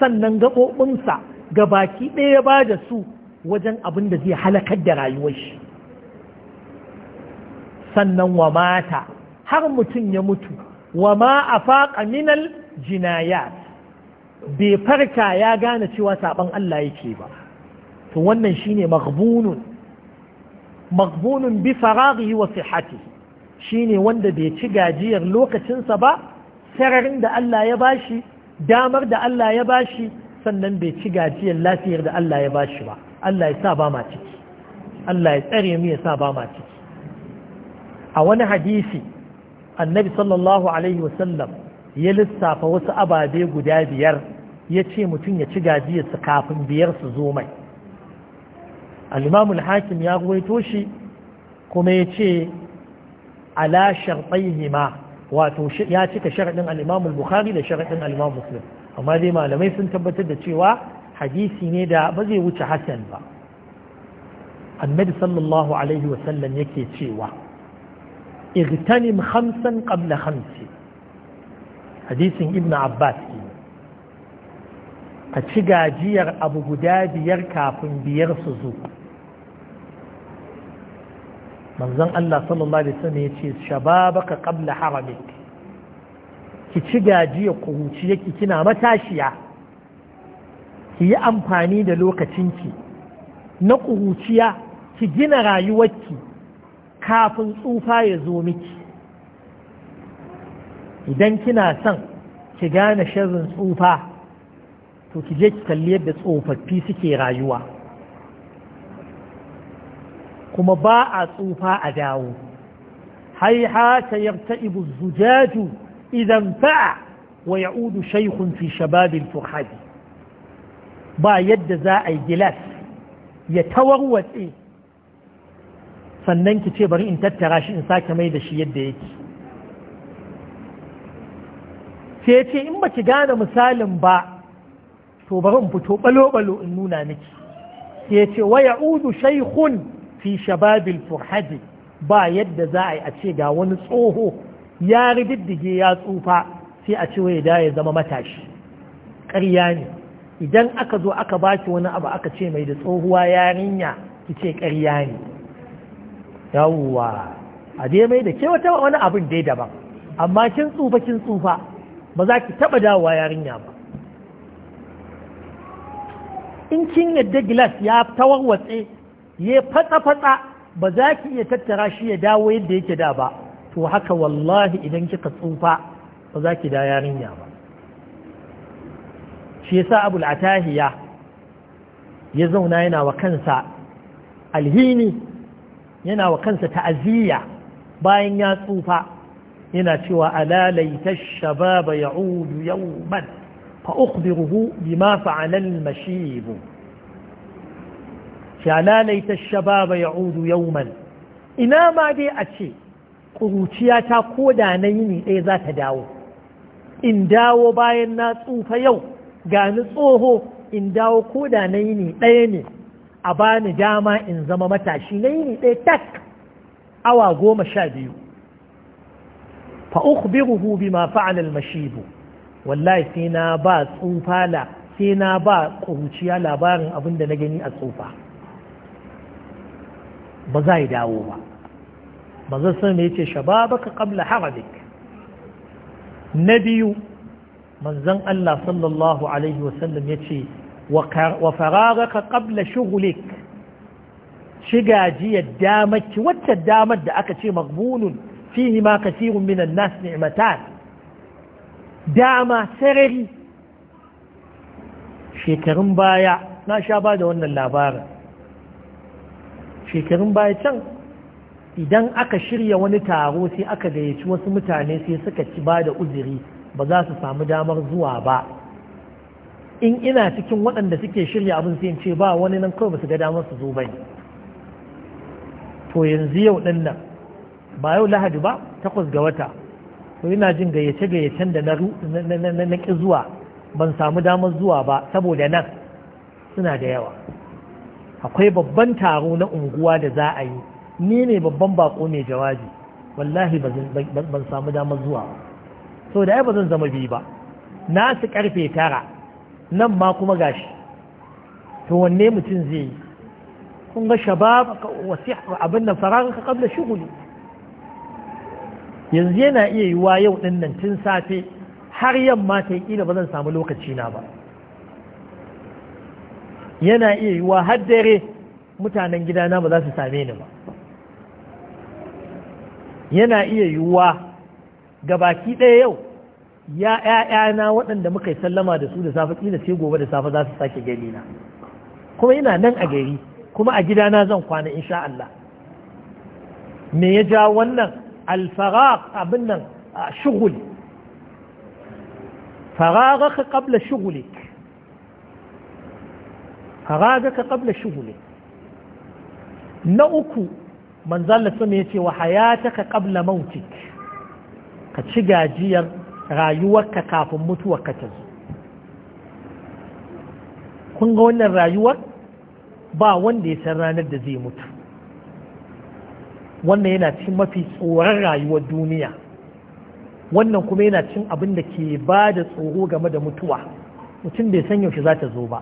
sannan gaɓoɓinsa ga baki ɗaya ba da su wajen abin da zai halakar da rayuwar shi sannan wa mata har mutum ya mutu wa ma a faƙa minal jinayat bai farka ya gane cewa saɓan Allah yake ba to wannan shine maghbunun maghbunun bi faraghi wa sihhati shine wanda bai ci gajiyar lokacinsa ba sararin da Allah ya bashi damar da Allah ya bashi sannan bai ci gajiyar lafiyar da Allah ya bashi ba Allah ya sa ba ma ciki Allah ya tsare mu ya sa ba ma ciki a wani hadisi annabi sallallahu alaihi wasallam ya lissafa wasu ababe guda biyar ya ce mutum ya ci gajiyarsa kafin biyar su zo mai alimamul hakim ya ruwaito shi kuma ya ce ala ma. wato ya cika sharaɗin al'imamu bukhari da sharaɗin al'imamu muslim amma dai malamai sun tabbatar da cewa hadisi ne da ba zai wuce hasan ba annabi sallallahu alaihi wasallam yake cewa igtanim khamsan qabla khamsi hadisin ibn abbas ke ka ci gajiyar abu guda biyar kafin biyar su zo manzon Allah sallallahu alaihi wasallam ya ce shababaka qabla haramik ki ci ya kuruciya ki kina matashiya ki yi amfani da lokacinki na kuruciya ki gina rayuwarki kafin tsufa ya zo miki idan kina son ki gane sharrin tsufa to ki je ki kalli yadda tsofaffi suke rayuwa kuma ba a tsufa a dawo haihata yarta'ibu zujaju idan fa'a wa ya'udu shaykhun fi shababil fuhadi ba yadda za a yi gilas ya tawarwatse sannan ki ce bari in tattara shi in sake mai da shi yadda yake sai ce in ba ki gane misalin ba to bari in fito balo-balo in nuna miki sai ce wa ya'udu shaykhun fi shababil furhaji ba yadda za a yi a ce ga wani tsoho ya rididdige ya tsufa sai a ce wai da ya zama matashi ƙarya ne idan aka zo aka baki wani abu aka ce mai da tsohuwa yarinya ki ce ƙarya ne yawwa a dai mai da ke wata wani abin dai daban amma kin tsufa kin tsufa ba za ki taɓa dawowa yarinya ba in kin yadda gilas ya tawarwatse ya fatsa-fatsa ba za ki iya tattara shi ya dawo yadda yake da ba to haka wallahi idan kika tsufa ba za ki da yarinya ba shi yasa abul atahiya ya zauna yana wa kansa alhini yana wa kansa ta'aziyya bayan ya tsufa yana cewa ala laita shababa ya'udu yawman fa ukhbiruhu bima fa'ala al-mashib ya lalaita shababa ya udu yauman ina ma dai a ce ƙuruciya ta koda na yini ɗaya za ta dawo in dawo bayan na tsufa yau gani tsoho in dawo koda na ni ɗaya ne a bani dama in zama matashi na ni ɗaya tak awa goma sha biyu fa ukhbiruhu bi fa'ala al-mashibu wallahi sai na ba tsufa la sai na ba ƙuruciya labarin abin da na gani a tsufa ba za yi dawo ba ba zan san ce shababaka qabla haradik na biyu manzon Allah sallallahu alaihi wasallam ya ce wa fararaka qabla shugulik shiga damaki wacce damar da aka ce magbunun fihi ma kasirun minan nas ni'matan dama sarari shekarun baya na sha ba da wannan labarin shekarun baya can idan aka shirya wani taro sai aka gayyaci wasu mutane sai suka ci ba da uzuri ba za su samu damar zuwa ba in ina cikin waɗanda suke shirya abin sai ce ba wani nan kawai ba su ga damar su zo ba to yanzu yau ɗin nan ba yau lahadi ba takwas ga wata to ina jin gayyace gayyacen da na ƙi zuwa ban samu damar zuwa ba saboda nan suna da yawa akwai babban taro na unguwa da za a yi ni ne babban bako mai jawabi wallahi ban samu damar zuwa ba so da ba zan zama biyu ba na su karfe tara nan ma kuma gashi to wanne mutum zai yi kun ga shabab wasi abin nan farar ka kabla shuguli yanzu yana iya yiwa yau ɗin nan tun safe har yamma ta yi ƙila ba zan samu lokaci na ba yana iya yiwa har mutanen gidana ba za su same ni ba yana iya yiwuwa ga baki ɗaya yau ya na waɗanda muka yi sallama da su da safe ƙila sai gobe da safe za su sake gani na kuma ina nan a gari kuma a gidana zan kwana insha Allah me ya ja wannan alfaraq abin nan shuguli faragaka qabla shugulik faragaka qabla shughli na uku manzon Allah ya ce wa ka ƙabla mautik ka ci gajiyar rayuwarka kafin mutuwarka ka zo kun ga wannan rayuwar ba wanda ya san ranar da zai mutu wannan yana cikin mafi tsoron rayuwar duniya wannan kuma yana cikin abin da ke ba da tsoro game da mutuwa mutum bai san yaushe za ta zo ba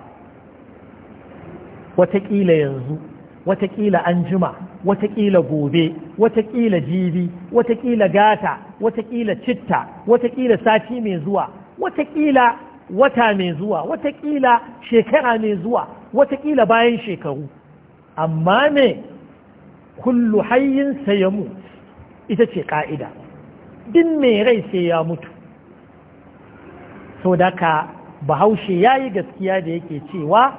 watakila yanzu watakila an jima watakila gobe watakila jibi watakila gata watakila citta watakila sati mai zuwa watakila wata mai zuwa watakila shekara mai zuwa watakila bayan shekaru amma me kullu hayyin ya mutu ita ce ka'ida din mai rai sai ya mutu so bahaushe ya yi gaskiya da yake cewa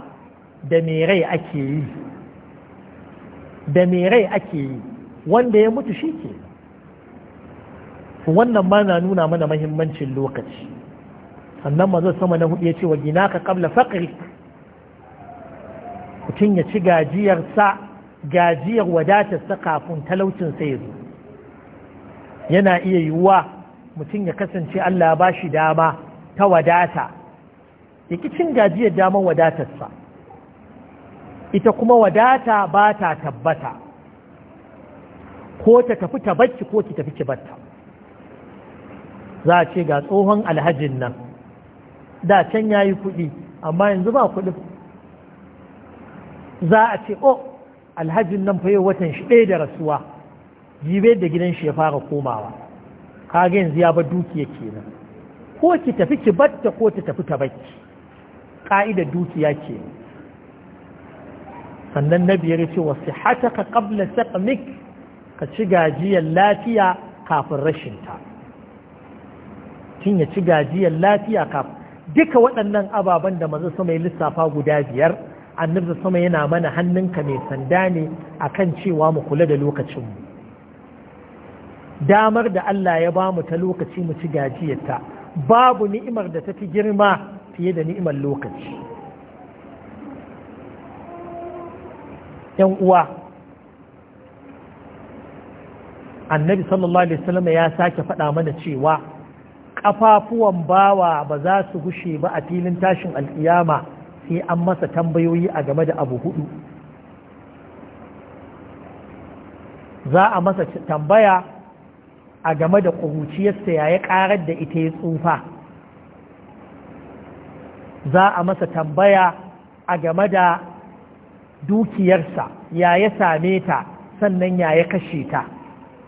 da me rai ake yi da me rai ake yi wanda ya mutu shi ke wannan ma na nuna mana mahimmancin lokaci sannan mazo sama na hudu ya ce wa gina ka kabla faƙari mutum ya ci gajiyarsa gajiyar wadatarsa kafin talaucinsa ya zo yana iya yiwuwa mutum ya kasance Allah ba shi dama ta wadata ya cin gajiyar damar wadatarsa ita kuma wadata ba ta tabbata ko ta tafi ta ko ki tafi ki za a ce ga tsohon alhajin nan da can ya yi kuɗi amma yanzu ba kuɗi za a ce o oh, alhajin nan fa yau watan shi ɗaya da rasuwa jibe da gidan shi ya fara komawa ga yanzu ya ba dukiya kenan ko ki tafi ki batta ko ta tafi ta bacci ka'idar dukiya kenan sannan na biyar ce wasu ka ƙabla saƙamik ka ci gajiyar lafiya kafin rashinta tun ya ci gajiyar lafiya kafin duka waɗannan ababen da maza sama ya lissafa guda biyar annabta sama yana mana hannunka mai sanda ne a kan cewa mu kula da lokacinmu damar da Allah ya ba mu ta lokaci mu ci gajiyar ta, babu ni'imar da ta fi girma fiye da ni'imar lokaci yan uwa annabi sallallahu alaihi wasallam ya sake faɗa mana cewa kafafuwan bawa ba za su gushe ba a filin tashin alkiyama sai an masa tambayoyi a game da abu hudu za a masa tambaya a game da ƙuruciyarsa ya ƙarar da ita ya tsufa za a masa tambaya a game da dukiyarsa ya ya same ta sannan ya ya kashe ta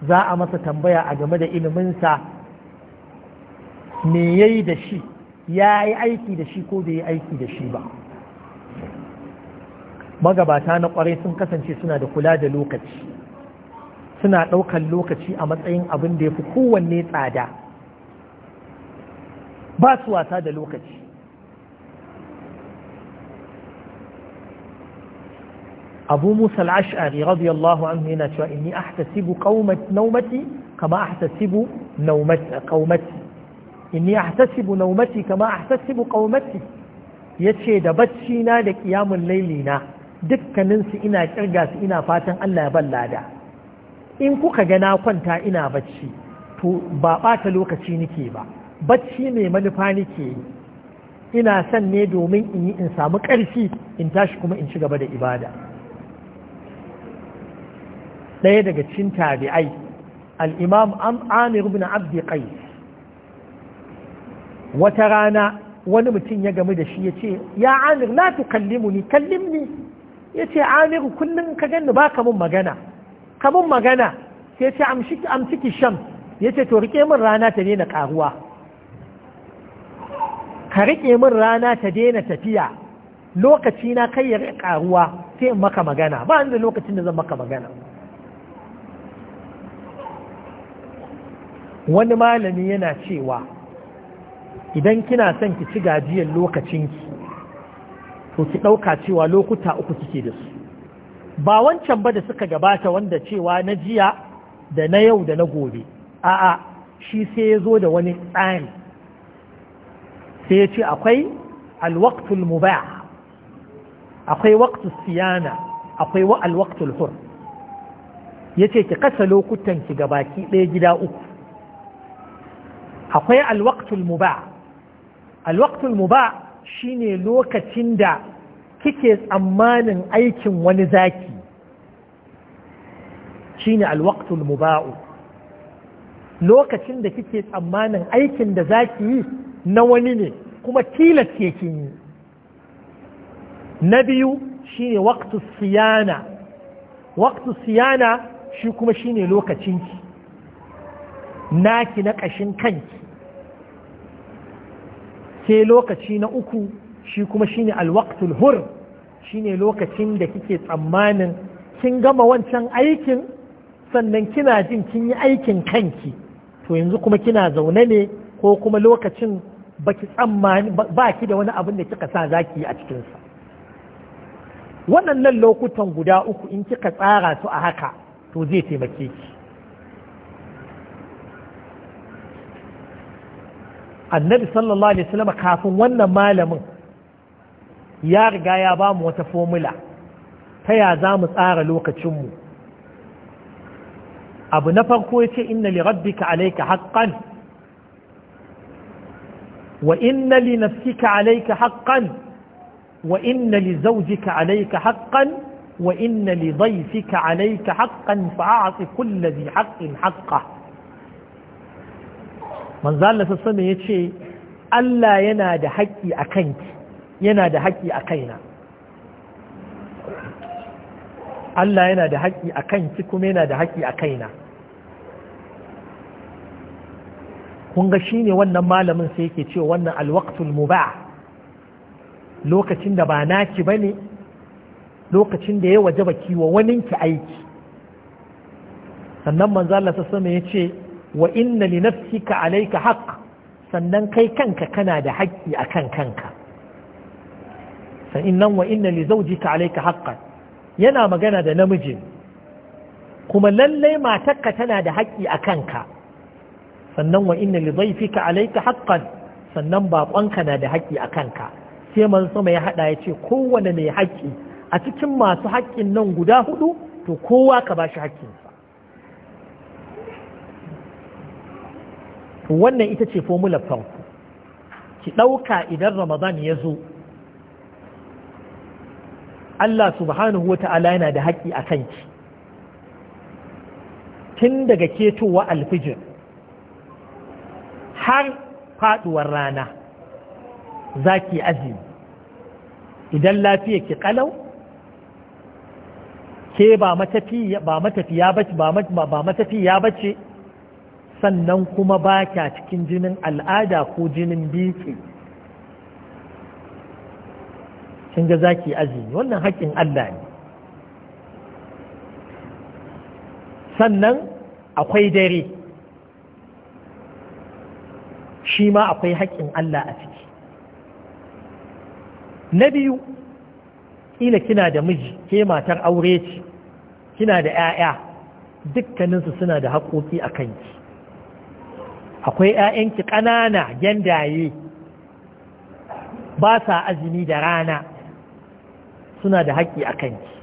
za a masa tambaya a game da iliminsa me ya yi da shi ya yi aiki da shi ko bai yi aiki da shi ba magabata na kwarai sun kasance suna da kula da lokaci suna ɗaukan lokaci a matsayin abin da ya fi kowanne tsada ba su wasa da lokaci abu musa al'ash'ari yallahu anhu yana cewa inni ahtasibu naumati kama ahtasibu naumati inni ahtasibu naumati kama ahtasibu Ya yace da bacci na da qiyamul laili na dukkaninsu ina kirga su ina fatan Allah ya ballada in kuka ga na kwanta ina bacci to ba bata lokaci nake ba bacci mai manufa nike yi ina son ne domin in samu ƙarfi in tashi kuma in ci gaba da ibada ɗaya daga cikin tabi'ai al'imam amir bin abdi qais wata rana wani mutum ya gamu da shi ya ce ya amir ni, tukallimuni ni? ya ce amir kullum ka ganni ba ka mun magana ka mun magana yace ce amciki sham ya ce to rike min rana ta daina karuwa ka rike min rana ta daina tafiya lokaci na kai ya karuwa sai in maka magana ba da lokacin da zan maka magana wani malami yana cewa idan kina son ki ci gajiyar lokacinki to ki ɗauka cewa lokuta uku kike da su ba wancan ba da suka gabata wanda cewa na jiya da na yau da na gobe a'a shi sai ya zo da wani tsari sai ya ce akwai alwaktul mubaya akwai waktul siyana akwai wa alwaktul hur ya ce ki kasa lokutan ki gabaki ɗaya gida uku akwai alwaktul muba alwaktul muba shine lokacin da kike tsammanin aikin wani zaki shine alwaktul muba'u lokacin da kike tsammanin aikin da zaki yi na wani ne kuma tilas yake yi na biyu shine waktu siyana waktu siyana shi kuma shine lokacinki naki na ƙashin kanki sai lokaci na uku shi kuma shine alwaqtul hur shine lokacin da kike tsammanin kin gama wancan aikin sannan kina jin kin yi aikin kanki to yanzu kuma kina zaune ne ko kuma lokacin baki tsammani ba ki da wani abin da kika sa zaki yi a cikinsa waɗannan lokutan guda uku in kika tsara su a haka to zai taimake ki annabi sallallahu alaihi wasallam kafin wannan malamin ya riga ya ba mu wata formula ta ya za mu tsara lokacinmu abu na farko ya ce inna li rabbika alayka haqqan wa inna li nafsika alayka haqqan wa inna li zawjika alayka haqqan wa inna li dhayfika alayka haqqan fa'ati kulli dhi haqqin haqqahu manzo Allah ya ce Allah yana da haƙƙi a kanki yana da haƙƙi a kaina Allah yana da haƙƙi a kanki kuma yana da haƙƙi a kaina kun ga shine wannan malamin sai yake cewa wannan alwaqtul mubah lokacin da ba naki bane lokacin da ya wajaba kiwa waninki aiki sannan manzo Allah sassame ya ce wa inna li nafsika alayka haqq sannan kai kanka kana da haƙƙi akan kanka sannan wa inna li zawjika alayka haqqan yana magana da namijin kuma lallai matarka tana da haƙƙi a kanka sannan wa inna li dhayfika alayka haqqan sannan baƙonka na da haƙƙi a kanka sai man sama ya hada ya ce kowane mai haƙƙi a cikin masu haƙƙin nan guda hudu to kowa ka bashi haƙƙinsa wannan ita ce formula farko ki ɗauka idan ramadan ya zo Allah subhanahu wa ta'ala yana da haƙƙi a kanki tun daga ketowa alfijir har faɗuwar rana za ki azumi idan lafiya ki ƙalau ke ba matafiya ba ce sannan kuma ba kya cikin jinin al'ada ko jinin biki kin ga zaki azumi wannan haƙƙin Allah ne sannan akwai dare shi ma akwai haƙƙin Allah a ciki na biyu ƙila kina da miji ke matar aure ce kina da 'ya'ya dukkaninsu suna da haƙoƙi a kanki akwai 'ya'yanki ƙanana gyandaye ba sa azumi da rana suna da haƙƙi a kanki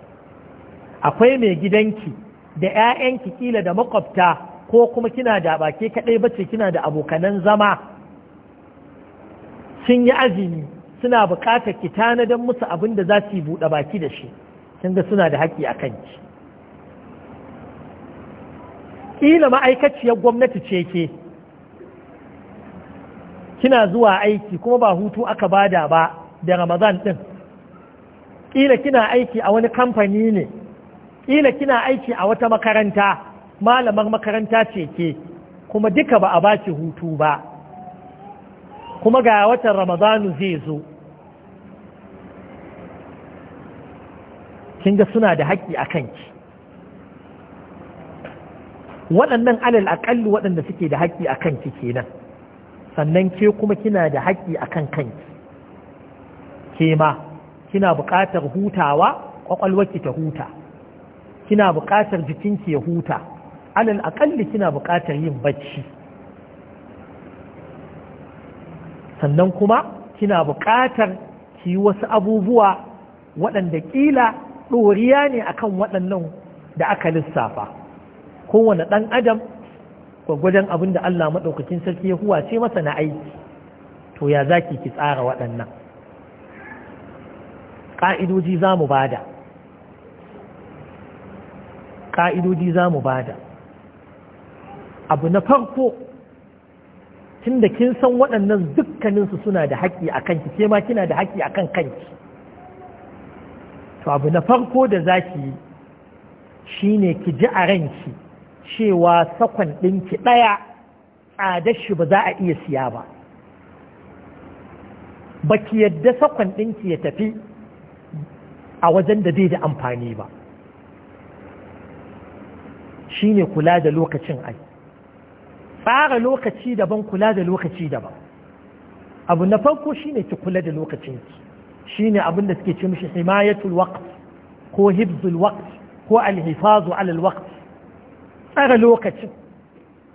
akwai mai gidanki da 'ya'yanki kila da makwabta ko kuma kina da bake kaɗai bace kina da abokanan zama sun yi azumi suna buƙatar ki tanadar musu abin da za su yi buɗe baki da shi sun ga suna da haƙƙi a kanki Ƙila ma'aikaciyar gwamnati ce ke kina zuwa aiki kuma ba hutu aka bada ba da ramadan ɗin ƙila kina aiki a wani kamfani ne ƙila kina aiki a wata makaranta malamar makaranta ce ke kuma duka ba a baki hutu ba kuma ga watan ramadanu zai zo kin ga suna da haƙƙi a kanki waɗannan alal aƙalli waɗanda suke da haƙƙi a kanki kenan sannan ke kuma kina da haƙƙi akan kanki ke ma kina buƙatar hutawa ƙwaƙwalwarki ta huta kina buƙatar jikinki ya huta alal aƙalli kina buƙatar yin bacci sannan kuma kina buƙatar ki wasu abubuwa waɗanda ƙila ɗoriya ne akan waɗannan da aka lissafa kowane ɗan adam gwagwajen abin da Allah maɗaukakin sarki ya ce masa na aiki to ya zaki ki tsara waɗannan ƙa'idoji za mu bada ƙa'idoji za mu bada abu na farko tun da kin san waɗannan dukkaninsu suna da haƙƙi a kanki ke ma kina da haƙƙi a kan kanki to abu na farko da za ki yi shi ne ki ji a ranki cewa sakon ɗinki ɗaya tsadar shi ba za a iya siya ba ba ki yadda sakon ɗinki ya tafi a wajen da zai da amfani ba shi ne kula da lokacin ai tsara lokaci daban kula da lokaci daban abu na farko shi ne ki kula da lokacinki shi ne abin da suke ce mishi himayatul waqt ko hibzul waqt ko alhifazu alal waqt tsara lokacin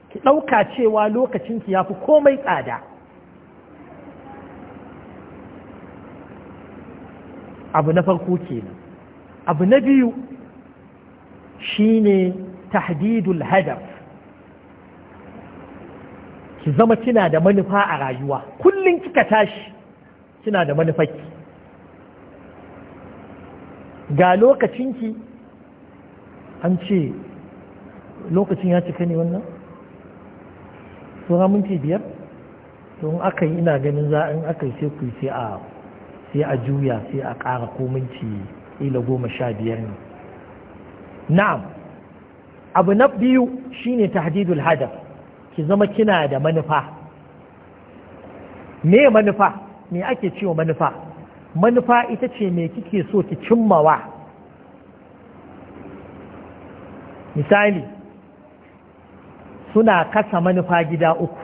ki ɗauka cewa lokacinki ya fi komai tsada abu na farko kenan abu na biyu shine tahdidul hadaf ki zama kina da manufa a rayuwa kullum kika tashi kina da manufarki ga lokacinki an ce lokacin ya cika ne wannan sura minti biyar to aka yi ina ganin za in aka yi sai ku sai a sai a juya sai a ƙara ko minti ila goma sha biyar ne na'am abu na biyu shine tahdidul hadaf ki zama kina da manufa me manufa me ake cewa manufa manufa ita ce me kike so ki cimmawa misali suna kasa manufa gida uku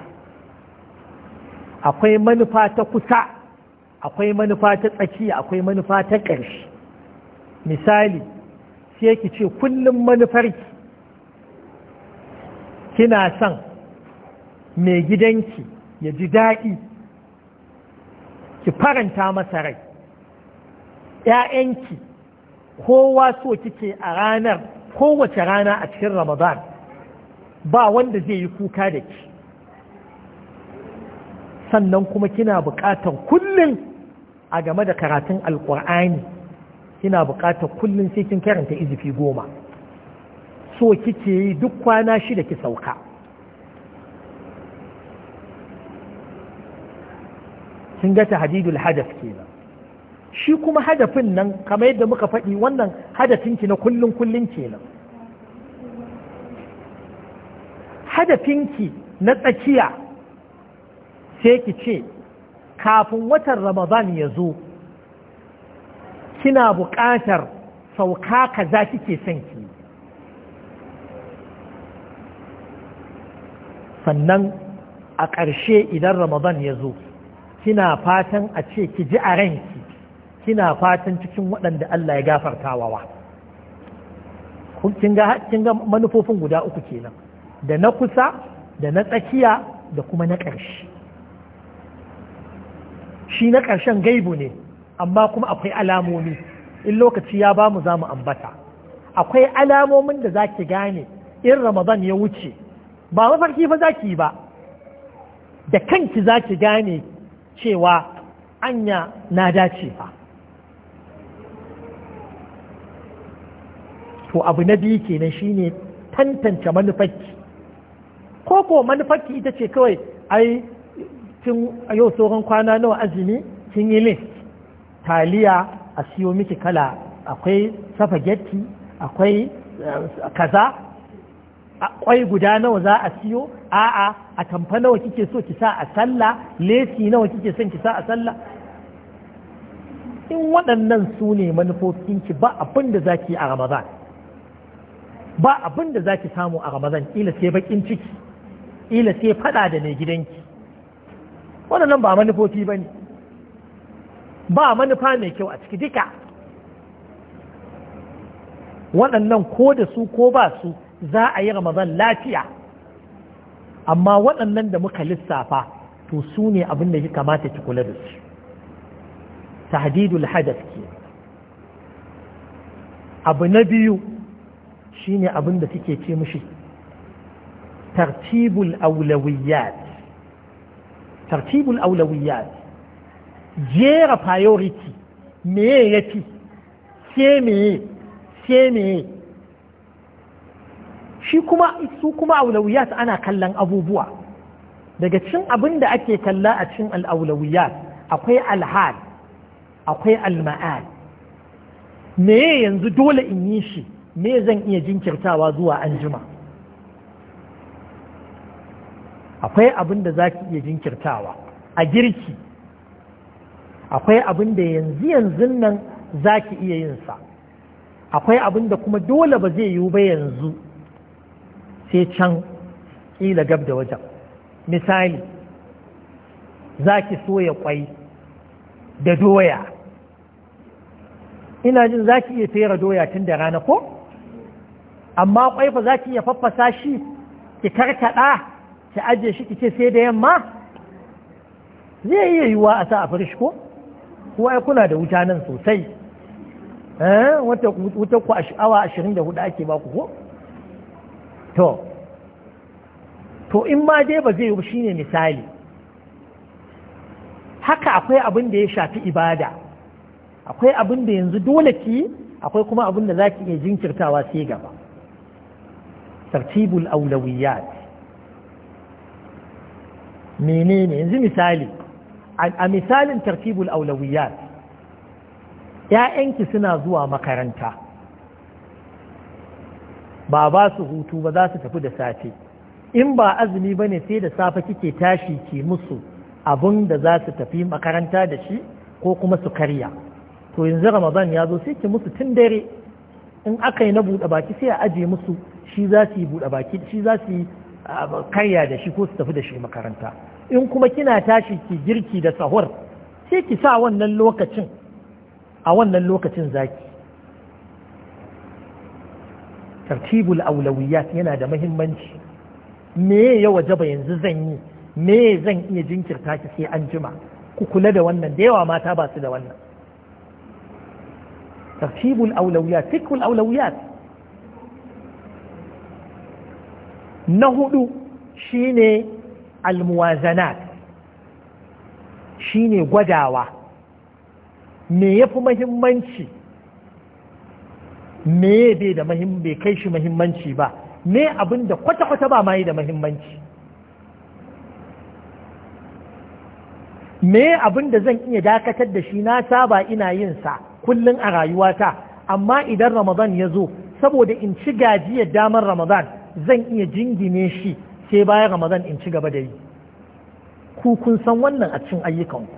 akwai manufa ta kusa akwai manufa ta tsaki, akwai manufa ta ƙarshe misali sai ki ce kullum manufarki kina son mai gidanki ya ji daɗi ki faranta masa rai ‘ya'yanki kowa so kike a ranar kowace rana a cikin ramadan ba wanda zai yi kuka da ki sannan kuma kina bukatar kullum a game da karatun alƙur'ani kina bukatar kullum sai kin karanta izifi goma so kike yi duk kwana shida ki sauka kin ga tahdidul hadaf kenan shi kuma hadafin nan kamar yadda muka faɗi wannan hadafinki na kullum kullum kenan hadafinki na tsakiya sai ki ce kafin watan ramadan ya zo kina buƙatar sauka kaza kike son ki sannan a ƙarshe idan ramadan ya zo kina fatan a ce ki ji a ranki kina fatan cikin waɗanda Allah ya gafartawa wa kin ga manufofin guda uku kenan da na kusa da na tsakiya da kuma na ƙarshe shi na ƙarshen gaibu ne amma kuma akwai alamomi in lokaci ya ba mu za mu ambata akwai alamomin da za ki gane in ramadan ya wuce ba mafarki fa za ki yi ba da kanki za ki gane cewa anya na dace ba to abu na biyu kenan shine tantance manufarki ko ko manufarki ita ce kawai ai tun yau tsohon kwana nawa azumi kin yi list taliya a siyo miki kala akwai safagetti akwai eh, kaza Akwai guda nawa za a siyo a'a a tamfa nawa kike so ki sa a sallah lesi nawa kike son ki sa a sallah in waɗannan su ne manufofinki ba abin da za ki yi a ramadan ba abin da za ki samu a ramadan ƙila sai bakin ciki kila sai faɗa da mai gidanki waɗannan ba manufofi ba ne ba manufa mai kyau a ciki duka waɗannan ko da su ko ba su za a yi ramazan lafiya amma waɗannan da muka lissafa to su ne abin da ya kamata ki kula da su tahdidul hadas ke abu na biyu shine abin da suke ce mushi ترتيب الأولويات ترتيب الأولويات جير بايوريتي ميتي سيمي سيمي shi kuma su kuma aulawiyat ana kallon abubuwa daga cin abin da ake kalla a cin al'aulawiyat akwai alhal akwai alma'al me yanzu dole in yi shi me zan iya jinkirtawa zuwa anjima akwai abin da za ki iya jinkirtawa a girki akwai abin da yanzu yanzu nan za ki iya yin sa akwai abin da kuma dole ba zai yiwu ba yanzu sai can ƙila gab da wajen misali za ki soya kwai da doya ina jin za ki iya fera doya tun da rana ko amma kwai fa za ki iya faffasa shi ki karkaɗa ki ajiye shi ki sai da yamma zai iya yiwuwa a sa a firish ko kuwa ya kuna da wuta nan sosai eh, wata ku awa ashirin da hudu ake baku ko to to in ma dai ba zai yi shine misali haka akwai abin da ya shafi ibada akwai abin da yanzu dole ki akwai kuma abin da za ki iya jinkirtawa sai gaba tartibul Aulawiyya. menene yanzu misali a misalin tartibul aulawiyat ‘ya'yanki suna zuwa makaranta ba ba su hutu ba za su tafi da safe in ba azumi ba ne sai da safe kike tashi ki musu abun da za su tafi makaranta da shi ko kuma su karya to yanzu ramadan ya zo sai ki musu tun dare in aka yi na buɗe baki sai a aje musu shi za su yi karya da shi ko su tafi da shi makaranta in kuma kina tashi ki girki da sahur sai ki sa wannan lokacin a wannan lokacin zaki tartibul aulawiyat yana da mahimmanci me ya wajaba yanzu zan yi me zan iya jinkirta ki sai an jima ku kula da wannan da yawa mata ba su da wannan tartibul aulawiyat tikul aulawiyat Na hudu shine almuwazanat shine gwadawa me ya fi mahimmanci me bai da bai kai shi mahimmanci ba me abin kwata-kwata ba ma da mahimmanci me abin da zan iya dakatar da shi na saba ina yin sa kullum a rayuwata amma idan ramadan ya zo saboda in ci gajiyar damar ramadan zan iya jingine shi sai bayan ramadan in ci gaba da yi ku kun san wannan a cikin ayyukanku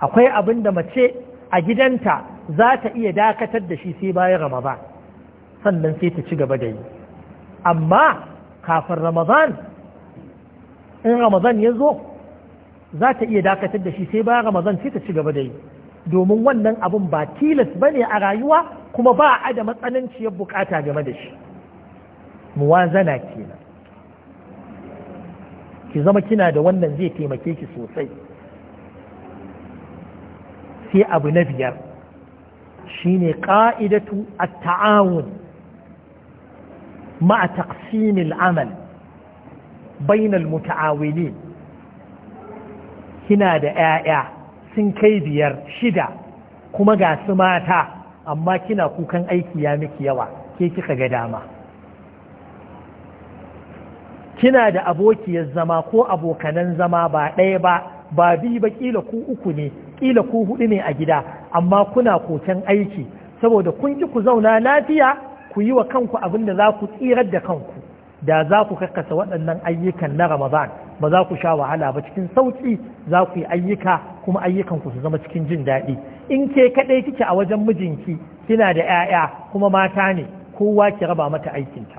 akwai abin da mace a gidanta za ta iya dakatar da shi sai bayan ramadan sannan sai ta ci gaba da yi amma kafin ramadan in ramadan ya zo za ta iya dakatar da shi sai bayan ramadan sai ta ci gaba da yi domin wannan abin ba tilas ba ne a rayuwa kuma ba a da matsananciyar bukata game da shi muwazana kenan ki zama kina da wannan zai taimake ki sosai sai abu na biyar shine ƙa'idatu a taawun ma'a taqsimil amal bainal muta'awilin kina da 'ya'ya sun kai biyar shida kuma ga su mata amma kina kukan aiki ya miki yawa ke kika ga dama kina da abokiyar zama ko abokanan zama ba ɗaya ba ba biyu ba kila ku uku ne kila ku hudu ne a gida amma kuna koken aiki saboda kun ki ku zauna lafiya ku yi wa kanku abin da za ku tsirar da kanku da za ku karkasa waɗannan ayyukan na ramadan ba za ku sha wahala ba cikin sauƙi za ku yi ayyuka kuma ayyukan ku su zama cikin jin daɗi in ke kaɗai kike a wajen mijinki kina da 'ya'ya kuma mata ne kowa ki raba mata aikinta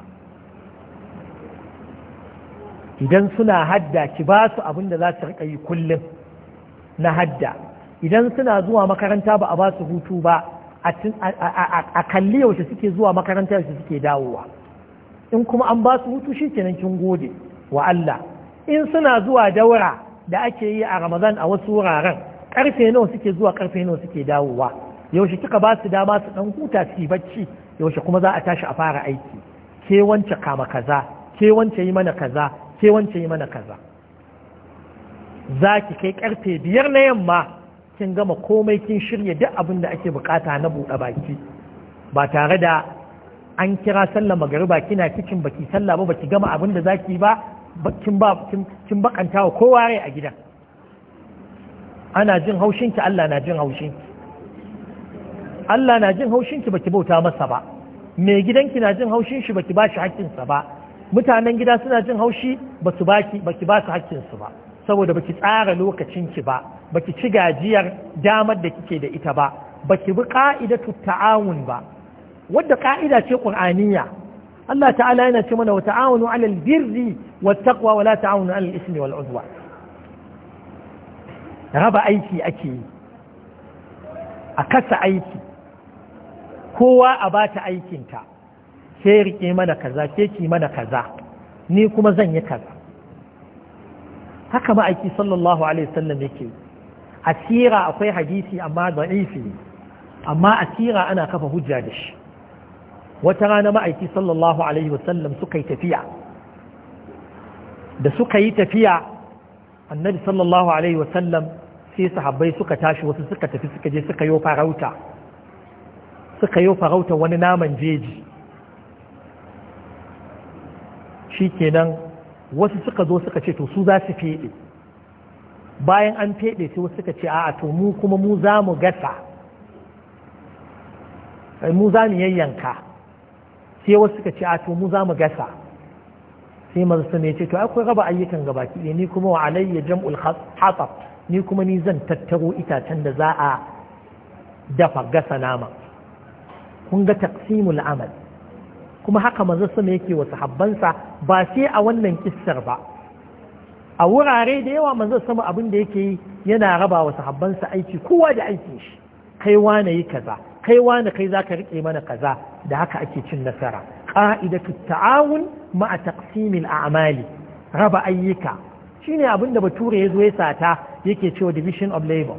idan suna hadda ki ba su abin da za su riƙa yi kullum na hadda idan suna zuwa makaranta ba a ba su hutu ba a kalli yaushe suke zuwa makaranta yaushe suke dawowa in kuma an ba su hutu shi kenan kin gode wa Allah in suna zuwa daura da ake yi a Ramadan a wasu wuraren karfe nawa suke zuwa karfe nawa suke dawowa yaushe kika ba su dama su dan huta su bacci yaushe kuma za a tashi a fara aiki ke wance kama kaza ke wance yi mana kaza ke wance yi mana kaza za ki kai karfe biyar na yamma kin gama komai kin shirya duk abin da ake bukata na buɗe baki ba tare da an kira sallah magariba kina kicin baki sallah ba baki gama abin da zaki ba kin ba kin bakanta wa kowa rai a gidan ana jin haushinki Allah na jin haushinki Allah na jin haushinki baki bauta masa ba mai gidanki na jin haushin shi baki ba shi ba mutanen gida suna jin haushi basu baki baki ba su hakkinsu ba saboda baki tsara lokacinki ba baki ci gajiyar damar da kike da ita ba baki bi ka'idatu ta'awun ba wadda ka'ida ce qur'aniyya Allah ta'ala yana ce mana wa ta'awunu 'alal birri wat taqwa wa la ta'awunu 'alal ismi wal udwan raba aiki ake yi a kasa aiki kowa a ba ta aikinta ke rike mana kaza ke ki mana kaza ni kuma zan yi kaza haka ma'aiki sallallahu alaihi sallam yake a tsira akwai hadisi amma da'ifi amma a tsira ana kafa hujja da shi wata rana ma'aiki sallallahu alaihi wasallam suka yi tafiya da suka yi tafiya annabi sallallahu alaihi wasallam sai sahabbai suka tashi wasu suka tafi suka je suka yi farauta suka yi farauta wani naman jeji shi kenan wasu suka zo suka ce to su za su fede bayan an fede sai wasu suka ce a to mu kuma mu za mu gasa mu za mu yayyanka sai wasu suka ce a to mu za mu gasa sai mazu ya ce to akwai raba ayyukan gabaki ne ni kuma wa alayya jam'ul hatsaf ni kuma ni zan tattaro itacen da za a dafa gasa nama kun ga taqsimul amal kuma haka manzo sama yake wa sahabbansa ba sai a wannan kissar ba a wurare da yawa manzo sama abin da yake yi yana raba wa sahabbansa aiki kowa da aikin shi kai wane yi kaza kai wane kai zaka rike mana kaza da haka ake cin nasara qa'idatu ta'awun ma'a taqsimil a'mali raba ayyuka Shi abin da bature ya zo ya sata yake cewa division of labor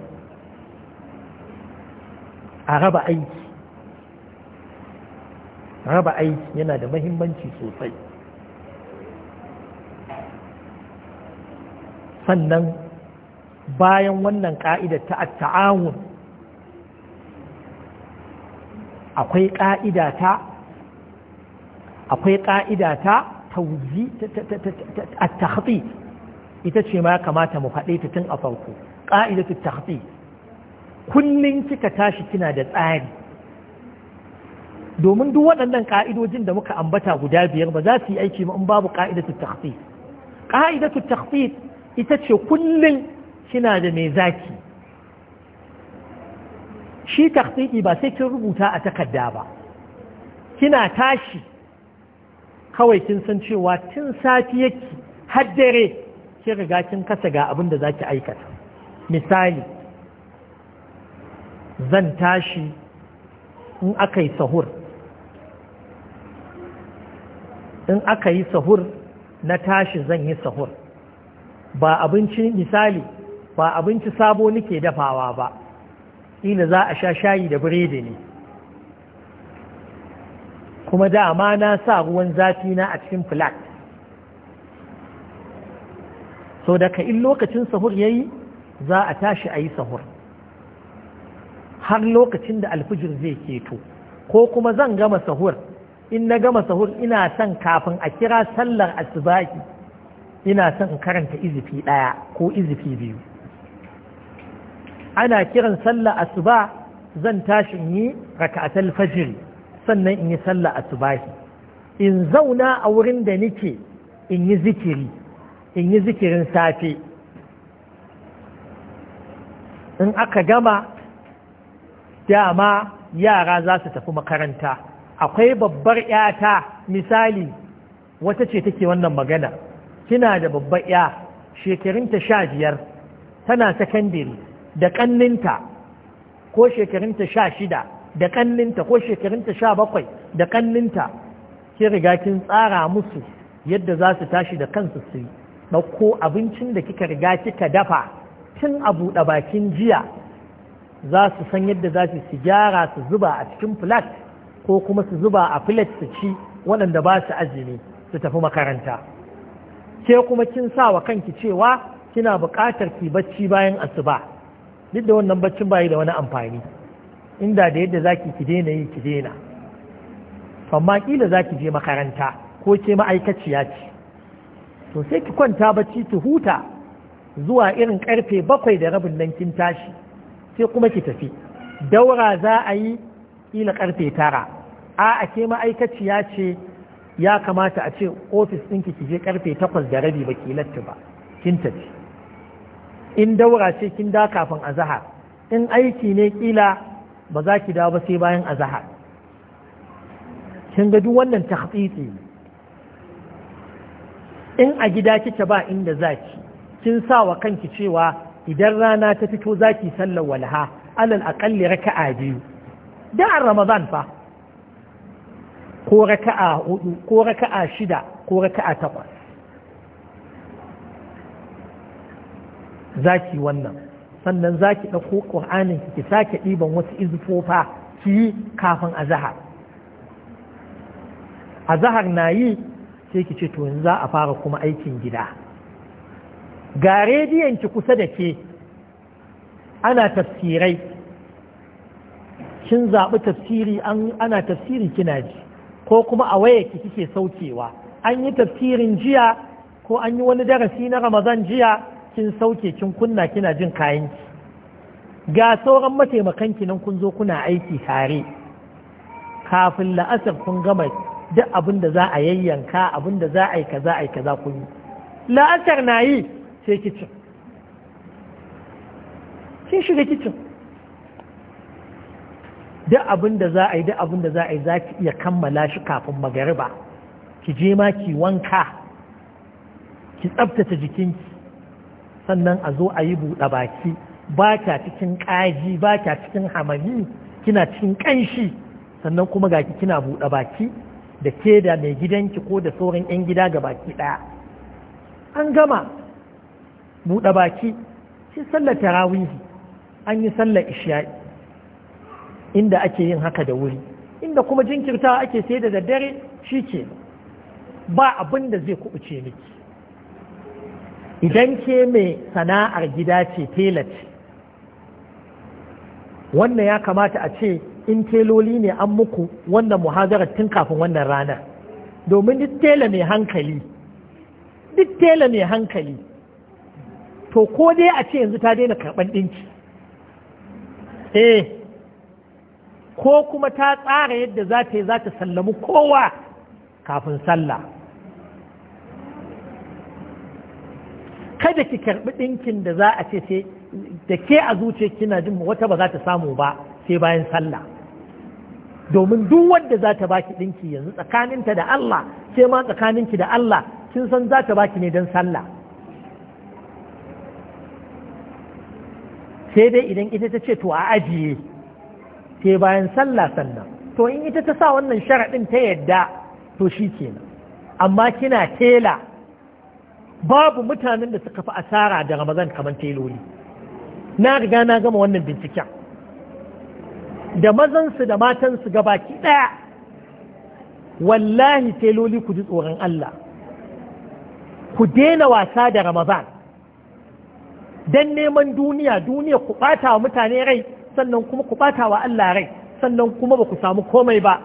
a raba aiki raba aiki yana da mahimmanci sosai sannan bayan wannan ka'idar ta ta'awun akwai ka'ida ta akwai ka'ida ta tauzi ta ita ce ma kamata mu faɗe ta tun a farko ƙa'idatu tahfi kullum kika tashi kina da tsari domin duk waɗannan ƙa'idojin da muka ambata guda biyar ba za su yi aiki in babu ƙa'idatu tahfi ƙa'idatu tahfi ita ce kullum kina da mai zaki shi tahqiqi ba sai kin rubuta a takarda ba kina tashi kawai kin san cewa tun safiyarki har dare kin riga kin kasa ga abin da zaki aikata misali zan tashi in aka yi sahur in aka yi sahur na tashi zan yi sahur ba abinci misali ba abinci sabo nake dafawa ba ina za a sha shayi da biredi ne kuma dama na sa ruwan zafi na a cikin flat Sau daga in lokacin sahur ya yi za a tashi a yi sahur har lokacin da alfijir zai keto ko kuma zan gama sahur in na gama sahur ina son kafin a kira sallar asibaki ina son in karanta izifi ɗaya ko izifi biyu ana kiran sallar asuba zan tashi in yi raka'atul fajr sannan in yi sallar asubahi in zauna a wurin da nike in yi zikiri in yi zikirin safe in aka gama dama yara za su tafi makaranta akwai babbar yata misali wata ce take wannan magana kina da babbar ya shekarunta sha biyar tana sakandare da ƙanninta ko shekarunta sha shida da ƙanninta ko shekarunta sha bakwai da ƙanninta ki riga kin tsara musu yadda za su tashi da kansu su yi ɗauko abincin da kika riga kika dafa tun a buɗe bakin jiya za su san yadda za su gyara su zuba a cikin filat ko kuma su zuba a filat su ci waɗanda ba su azumi su tafi makaranta ke kuma kin sa wa kanki cewa kina buƙatar ki bacci bayan asuba duk da wannan baccin bayi da wani amfani inda da yadda zaki ki daina yi ki daina amma kila zaki je makaranta ko ke ma'aikaciya ce to sai ki kwanta bacci ki huta zuwa irin karfe bakwai da rabin nan kin tashi sai kuma ki tafi daura za a yi ƙila karfe tara a a ke ma'aikaciya ce ya kamata a ce ofis ɗinki ki je karfe takwas da rabi ba ki latti ba kin tafi in daura ce kin da kafin azahar in aiki ne kila ba za ki dawo ba sai bayan azahar kin ga duk wannan takhsisi in a gida kike ba inda zaki kin sa wa kanki cewa idan rana ta fito zaki sallar walha alal aqalli raka'a biyu da ramadan fa ko raka'a hudu ko raka'a shida ko raka'a takwas zaki wannan sannan zaki ɗauko ƙur'anin ki sake ɗiban wasu izufofa ki kafin azhar azahar na yi sai ki ce to za a fara kuma aikin gida ga rediyon ki kusa da ke ana tafsirai kin zaɓi tafsiri ana tafsiri kina ji ko kuma a waya ki kike saukewa an yi tafsirin jiya ko an yi wani darasi na ramazan jiya kin sauke kin kunna kina jin kayan ki ga sauran mataimakan ki nan kun zo kuna aiki tare kafin la'asar kun gama duk abin da za a yayyanka abin da za a yi kaza a yi kaza kun yi la'asar na yi sai kicin kin shiga kicin duk abin da za a yi duk abin da za a yi za ki iya kammala shi kafin magariba ki je ma ki wanka ki tsabtace jikinki sannan a zo a yi buɗe baki ba ta cikin ƙaji ba ta cikin hamami kina cikin ƙanshi sannan kuma ga kina buɗe baki da ke da mai gidanki ko da sauran 'yan gida ga baki ɗaya an gama buɗe baki shi sallar tarawihi an yi sallar isha'i inda ake yin haka da wuri inda kuma jinkirtawa ake sai da daddare shi ke ba abin da zai kuɓuce miki idan ke mai sana'ar gida ce tela ce wannan ya kamata a ce in teloli ne an muku wannan muhazarar tun kafin wannan ranar domin duk tela mai hankali duk tela mai hankali to ko dai a ce yanzu ta daina karɓar ɗinki eh ko kuma ta tsara yadda za ta yi za ta sallamu kowa kafin sallah kada ki karɓi ɗinkin da za a ce sai da ke a zuciya kina jin wata ba za ta samu ba sai bayan sallah domin duk wanda za ta baki ɗinki yanzu tsakaninta da Allah ke ma tsakaninki da Allah kin san za ta baki ne don sallah sai dai idan ita ta ce to a ajiye sai bayan sallah sannan to in ita ta sa wannan sharaɗin ta yadda to shi kenan amma kina tela babu mutanen da suka fi asara da ramazan kamar teloli na riga na gama wannan binciken da mazansu da matansu ga baki ɗaya wallahi teloli ku ji tsoron Allah ku dena wasa da ramazan don neman duniya duniya ku ɓata wa mutane rai sannan kuma ku ɓata wa Allah rai sannan kuma ba ku samu komai ba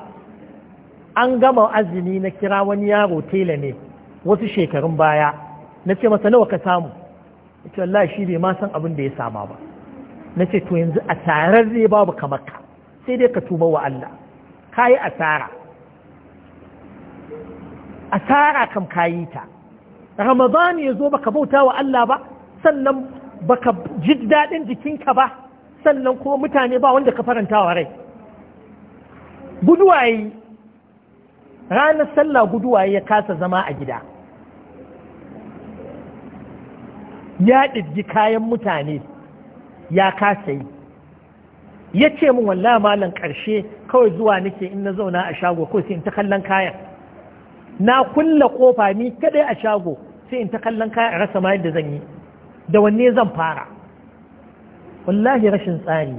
an gama azumi na kira wani yaro tela ne wasu shekarun baya na ce masa nawa ka samu ya ce wallahi shi bai ma san abin da ya sama ba na ce to yanzu a tarar zai babu kamar ka sai dai ka tuba wa Allah yi asara asara kam kayi ta ramadan ya zo baka bauta wa Allah ba sannan baka ji daɗin jikinka ba sannan ko mutane ba wanda ka faranta wa rai Guduwaye, ranar sallah guduwaye ya kasa zama a gida ya ɗirgi kayan mutane ya kasa yi ya ce min wallah malam karshe kawai zuwa nake in na zauna a shago ko sai in ta kallon kayan na kulla kofa ni kadai a shago sai in ta kallon kayan a rasa ma yadda zan yi da wanne zan fara wallahi rashin tsari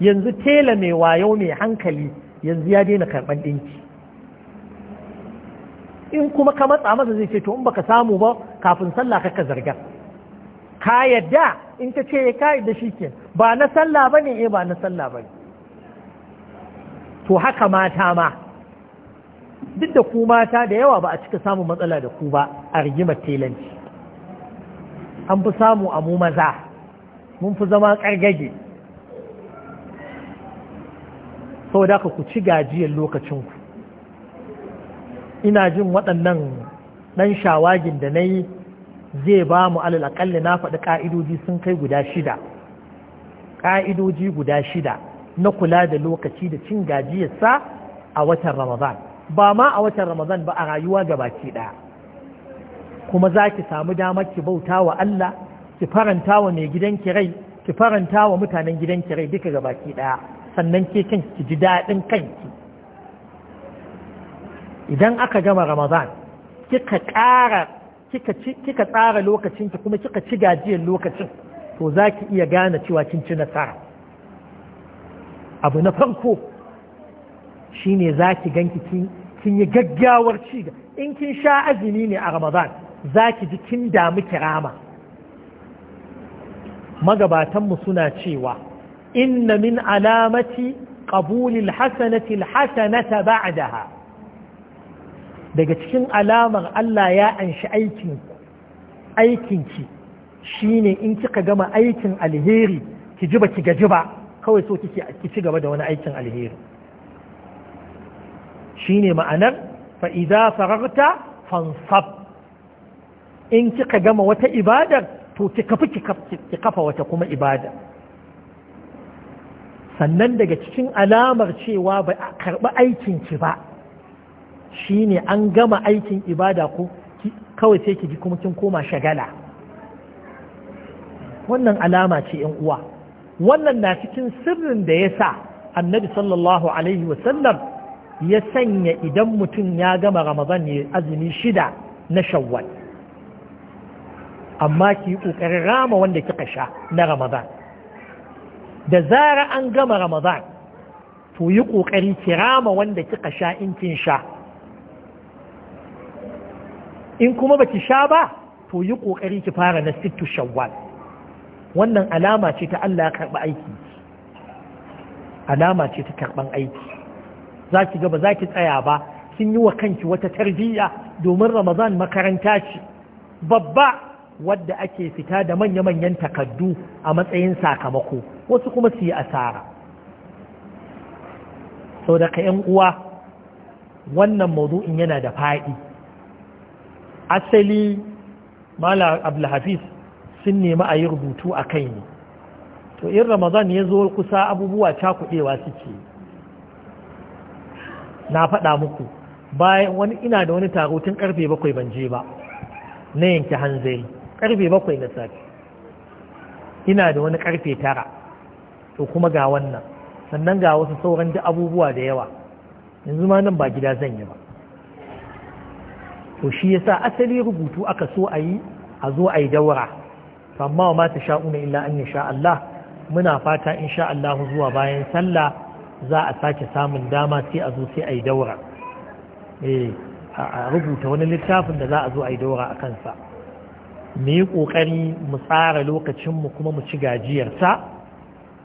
yanzu tela mai wayo mai hankali yanzu ya daina karɓar ɗinki in kuma ka matsa masa zai ce to in baka samu ba kafin sallah ka zarga ka yadda in ta ce ya kayi da shi ke ba na sallah ba ne eh, ba na sallah ba to haka mata ma duk da ku mata da yawa ba a cika samun matsala da ku ba a rigimar telanci an fi samu a mu maza mun fi zama kargage saboda ka ku ci gajiyar lokacinku ina jin waɗannan ɗan shawagin da na yi zai ba mu alal na faɗi ƙa'idoji sun kai guda shida ƙa'idoji guda shida na kula da lokaci da cin gajiyarsa a watan ramadan ba ma a watan ramadan ba a rayuwa ga baki ɗaya kuma za ki samu damar ki bauta wa Allah ki faranta wa mai gidanki rai ki faranta wa mutanen gidanki rai duka ga baki ɗaya sannan ke kan ki ji daɗin kanki idan aka gama ramadan kika ƙara kika tsara lokacin ki kuma kika ci gajiyar lokacin to za ki iya gane cewa kin ci nasara abu na farko shine za ki ganki kin yi gaggawar ci in kin sha azumi ne a ramadan za ki ji kin damu kirama magabatanmu suna cewa inna min alamati qabulil hasanati alhasanata ba'daha daga cikin alamar Allah ya anshi aikin ki, shine in kika gama aikin alheri ki ji ki gaji ba kawai so kike ki ci gaba da wani aikin alheri shine ma'anar fa idza faragta fansab in kika gama wata ibadar to ki kafi ki kafa wata kuma ibada sannan daga cikin alamar cewa ba karɓi aikin ki ba shine an gama aikin ibada ko kawai sai ki ji kuma kin koma shagala wannan alama ce yan uwa wannan na cikin sirrin da ya sa annabi sallallahu alaihi wasallam ya sanya idan mutum ya gama ramadan ya azumi shida na shawwal amma ki yi ƙoƙarin rama wanda kika sha na ramadan da zara an gama ramadan to yi ƙoƙari ki rama wanda kika sha in kin sha in kuma baki sha ba to yi kokari ki fara na sittu shawwal wannan alama ce ta Allah ya karba aiki alama ce ta karban aiki za ki ga ba za ki tsaya ba kin yi wa kanki wata tarbiyya domin Ramadan makaranta ce babba wadda ake fita da manya-manyan takaddu a matsayin sakamako wasu kuma su yi asara sau da ka 'yan uwa wannan maudu'in yana da faɗi asali mala abdulhafiz sun nemi a yi rubutu a kai ne to in ramadan ya zo kusa abubuwa cakuɗewa suke na faɗa muku bayan wani ina da wani taro tun karfe bakwai ban je ba na yanke hanzai karfe bakwai na safe ina da wani karfe tara to kuma ga wannan sannan ga wasu sauran abubuwa da yawa yanzu ma nan ba gida zan yi ba to shi yasa asali rubutu aka so a yi a zo a yi daura amma ma ta sha'una illa an sha muna fata in sha Allah zuwa bayan sallah za a sake samun dama sai a zo sai a yi daura eh, a rubuta wani littafin da za a zo a yi daura a kansa mu yi ƙoƙari mu tsara lokacinmu kuma mu ci gajiyarsa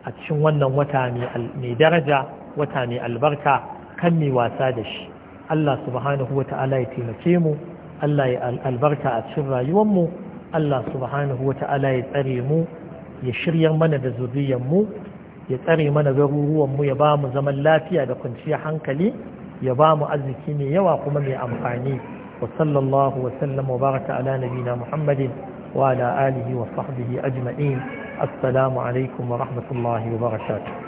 a cikin wannan wata mai daraja wata mai albarka kan mai wasa da shi Allah subhanahu wa ta'ala ya taimake mu Allah ya albarka a cikin rayuwar mu Allah subhanahu wa ta'ala ya tsare mu ya shiryar mana da zuriyar mu ya tsare mana garuruwan mu ya ba mu zaman lafiya da kwanciyar hankali ya ba mu arziki mai yawa kuma mai amfani wa sallallahu wa sallam wa baraka ala nabina muhammadin wa ala alihi wa sahbihi ajma'in assalamu alaikum wa rahmatullahi wa barakatuh